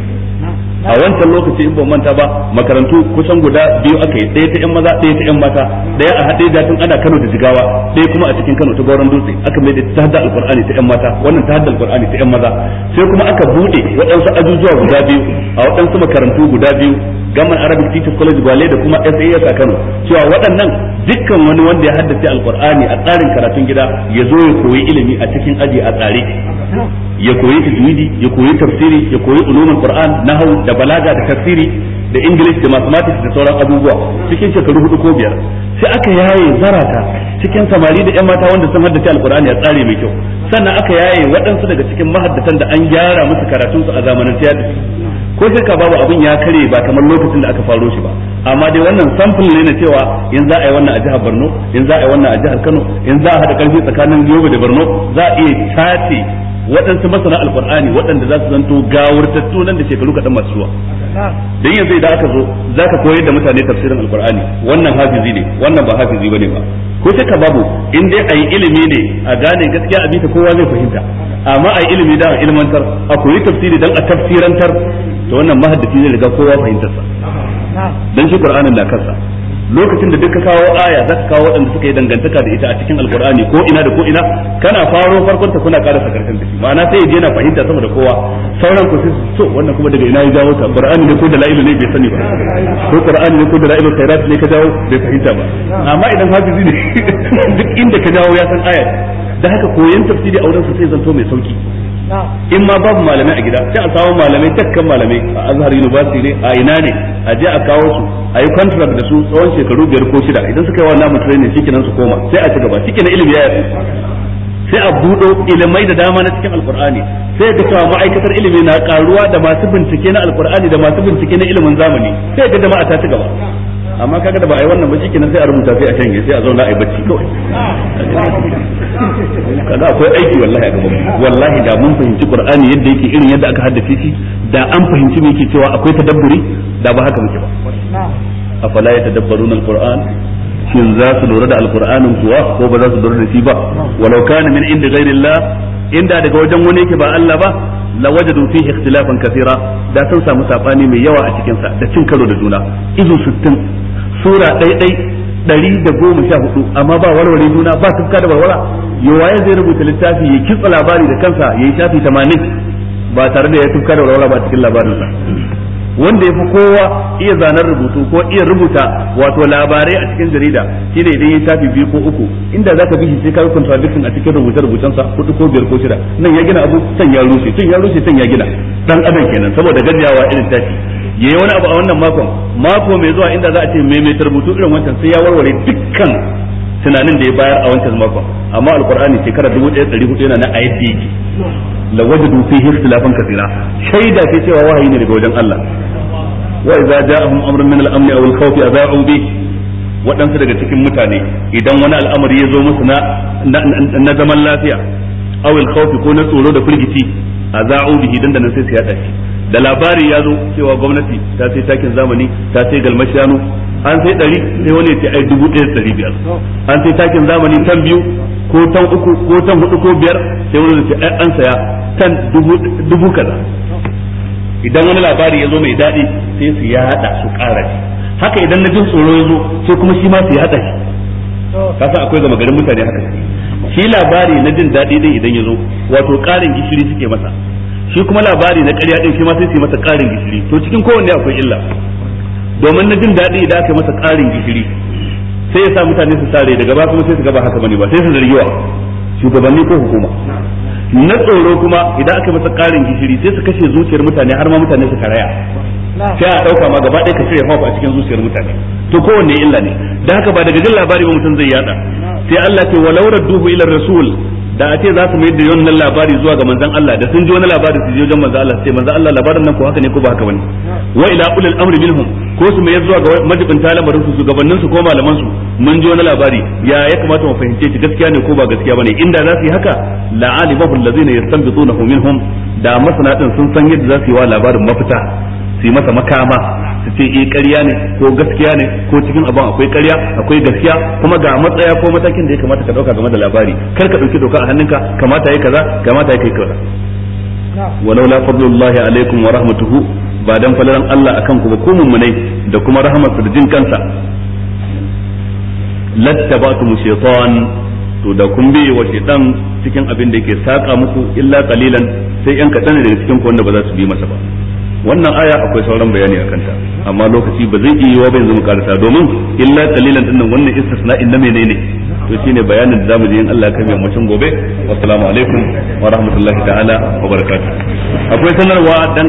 a wancan lokaci in ban manta ba makarantu kusan guda biyu aka yi ɗaya ta yan maza ɗaya ta yan mata ɗaya a haɗe da tun ana Kano da Jigawa ɗaya kuma a cikin Kano ta Gauran Dutse aka mai da ta hadda alƙur'ani ta yan mata wannan ta hadda alƙur'ani ta yan maza sai kuma aka buɗe waɗansu ajujuwa guda biyu a waɗansu makarantu guda biyu gaman Arabic Teachers College Gwale da kuma SAS a Kano cewa waɗannan dukkan wani wanda ya haddace alƙur'ani a tsarin karatun gida ya zo ya koyi ilimi a cikin aji a tsare ya koyi tajwidi ya koyi tafsiri ya koyi ulumul qur'an nahwu da balaga da tafsiri da english da mathematics da sauran abubuwa cikin shekaru hudu ko biyar sai aka yaye zarata cikin samari da yan mata wanda sun haddace alqur'ani a tsare mai kyau sannan aka yaye waɗansu daga cikin mahaddatan da an gyara musu karatun su a zamanin tiyadi ko shirka babu abin ya kare ba kamar lokacin da aka faro shi ba amma dai wannan sample ne na cewa in za a yi wannan a jihar Borno in za a yi wannan a jihar Kano in za a haɗa karfi tsakanin Yobe da Borno za a iya tace waɗansu masana alkur'ani waɗanda za su zanto gawurtattu nan da shekaru kaɗan masu zuwa dan yanzu da aka zo zaka koyar da mutane tafsirin alkur'ani wannan hafizi ne wannan ba hafizi ne ba ko shakka babu in dai ayi ilimi ne a gane gaskiya a bita kowa zai fahimta amma ayi ilimi dan a ilmantar a koyi tafsiri dan a tafsirantar to wannan mahaddaci zai riga kowa fahimtarsa dan shi qur'anin na kansa lokacin da duka kawo aya zaka kawo waɗanda suka yi dangantaka da ita a cikin alkur'ani ko ina da ko ina kana faro farkon ta kuna karasa karshen dashi ma'ana sai yaje yana fahimta sama da kowa sauran ku sai so wannan kuma daga ina ya jawo ta qur'ani ne ko da la'ilu ne bai sani ba ko qur'ani ne ko da dalailu khairat ne ka jawo bai fahimta ba amma idan hafizi ne duk inda ka jawo ya san aya da haka koyon tafsiri a wurin sa sai zanto mai sauki in ma babu malamai a gida sai a samu malamai dukkan malamai a azhar university ne a ina ne a je a kawo su a yi contract da su tsawon shekaru biyar ko shida idan suka yi wannan mutum ne shikenan su koma sai a ci gaba shikenan ilimi ya yi sai a buɗo ilimai da dama na cikin alkur'ani sai ga cewa ma'aikatar ilimi na karuwa da masu bincike na alkur'ani da masu bincike na ilimin zamani sai ga jama'a ta ci gaba amma kaga da ba a yi wannan ba kenan sai a rubuta sai a shanye sai a zauna a yi bacci kawai kaga akwai aiki wallahi a gaban wallahi da mun fahimci qur'ani yadda yake irin yadda aka haddace shi da an fahimci me yake cewa akwai tadabburi da ba haka muke ba afala yatadabbaruna alquran shin za su lura da alkur'anin kuwa ko ba za su lura da shi ba walau kana min inda ghairillah inda daga wajen wani yake ba Allah ba la wajadu fihi ikhtilafan kathira da sun samu sabani mai yawa a cikin sa da cin karo da juna izu 60 sura ɗaiɗai ɗari da goma sha hudu amma ba warware juna ba tufka da warwara ya zai rubuta littafi ya kitsa labari da kansa ya yi shafi tamanin ba tare da ya tufka da warwara ba cikin labarinsa wanda ya fi kowa iya zanen rubutu ko iya rubuta wato labarai a cikin jarida shi ne idan ya biyu ko uku inda za ka bi shi sai ka contradiction a cikin rubuce rubucensa hudu ko biyar ko shida nan ya gina abu can ya rushe can ya rushe can ya gina dan adam kenan saboda gajiyawa irin tafi ya yi wani abu a wannan makon mako mai zuwa inda za a ce mai rubutu irin wancan sai ya warware dukkan tunanin da ya bayar a wancan makon amma alkur'ani shekarar 1400 yana na ayyuki lawajadu fihi ikhtilafan kathira shaida ce cewa wahayi ne daga wajen Allah wa idza ja'ahum amrun min daga cikin mutane idan wani al'amari ya zo musu na zaman lafiya aw al ko na tsoro da firgici adha'u bihi dan da nan sai su yada shi da labari ya zo cewa gwamnati ta sai takin zamani ta sai galmar shanu an sai ɗari sai wani ya ce dubu ɗaya ɗari biyar an sai takin zamani tan biyu ko tan ko biyar sai wani saya tan dubu idan wani labari ya zo mai daɗi sai su ya haɗa su ƙara shi haka idan na jin tsoro ya zo sai kuma shi ma su ya haɗa shi kasan akwai gama garin mutane haka shi labari na jin daɗi ɗin idan ya zo wato ƙarin gishiri suke masa shi kuma labari na ƙarya ɗin shi ma sai su masa ƙarin gishiri to cikin kowanne akwai illa domin na jin daɗi idan aka masa ƙarin gishiri sai ya sa mutane su sare daga ba kuma sai su gaba haka bane ba sai su zargiwa shugabanni ko hukuma na tsoro kuma idan aka masa karin gishiri sai su kashe zuciyar mutane har ma mutane su karaya sai a dauka ma gaba ɗaya ka shirya a cikin zuciyar mutane to kowanne illa ne da haka ba daga jin labari ba mutum zai yada sai Allah ce walau duhu ila rasul da a ce za su mai da yawan labari zuwa ga manzan Allah da sun ji wani labari su je wajen manzon Allah sai manzan Allah labarin nan ko haka ne ko ba haka bane wa ila ulil amri minhum ko su mai zuwa ga majibin talamarin su shugabannin su ko malaman su mun ji wani labari ya ya kamata mu fahimce shi gaskiya ne ko ba gaskiya bane inda za su yi haka la alimahu allazina yastanbitunahu minhum da masana din sun san yadda za su yi wa labarin mafita su yi masa makama su ce eh ƙarya ne ko gaskiya ne ko cikin abin akwai ƙarya akwai gaskiya kuma ga matsaya ko matakin da ya kamata ka dauka game da labari kar ka ɗauki doka a hannunka kamata yi kaza kamata yi kaza walau la fadlullahi alaikum wa rahmatuhu ba dan falalan Allah akan ku ba ku mummunai da kuma rahmatsa da jin kansa lattabatu shaytan to da kun bi wa shaytan cikin abin da yake saka muku illa qalilan sai yan kadan daga cikin ku wanda ba za su bi masa ba wannan aya akwai sauran bayani akan ta amma lokaci ba zai iya yiwa ba yanzu mu karanta domin illa qalilan dinnan wannan istisna'in na menene to shine bayanin da zamu je in Allah ya kai mu gobe assalamu alaikum wa rahmatullahi ta'ala wa barakatuh akwai sanarwa dan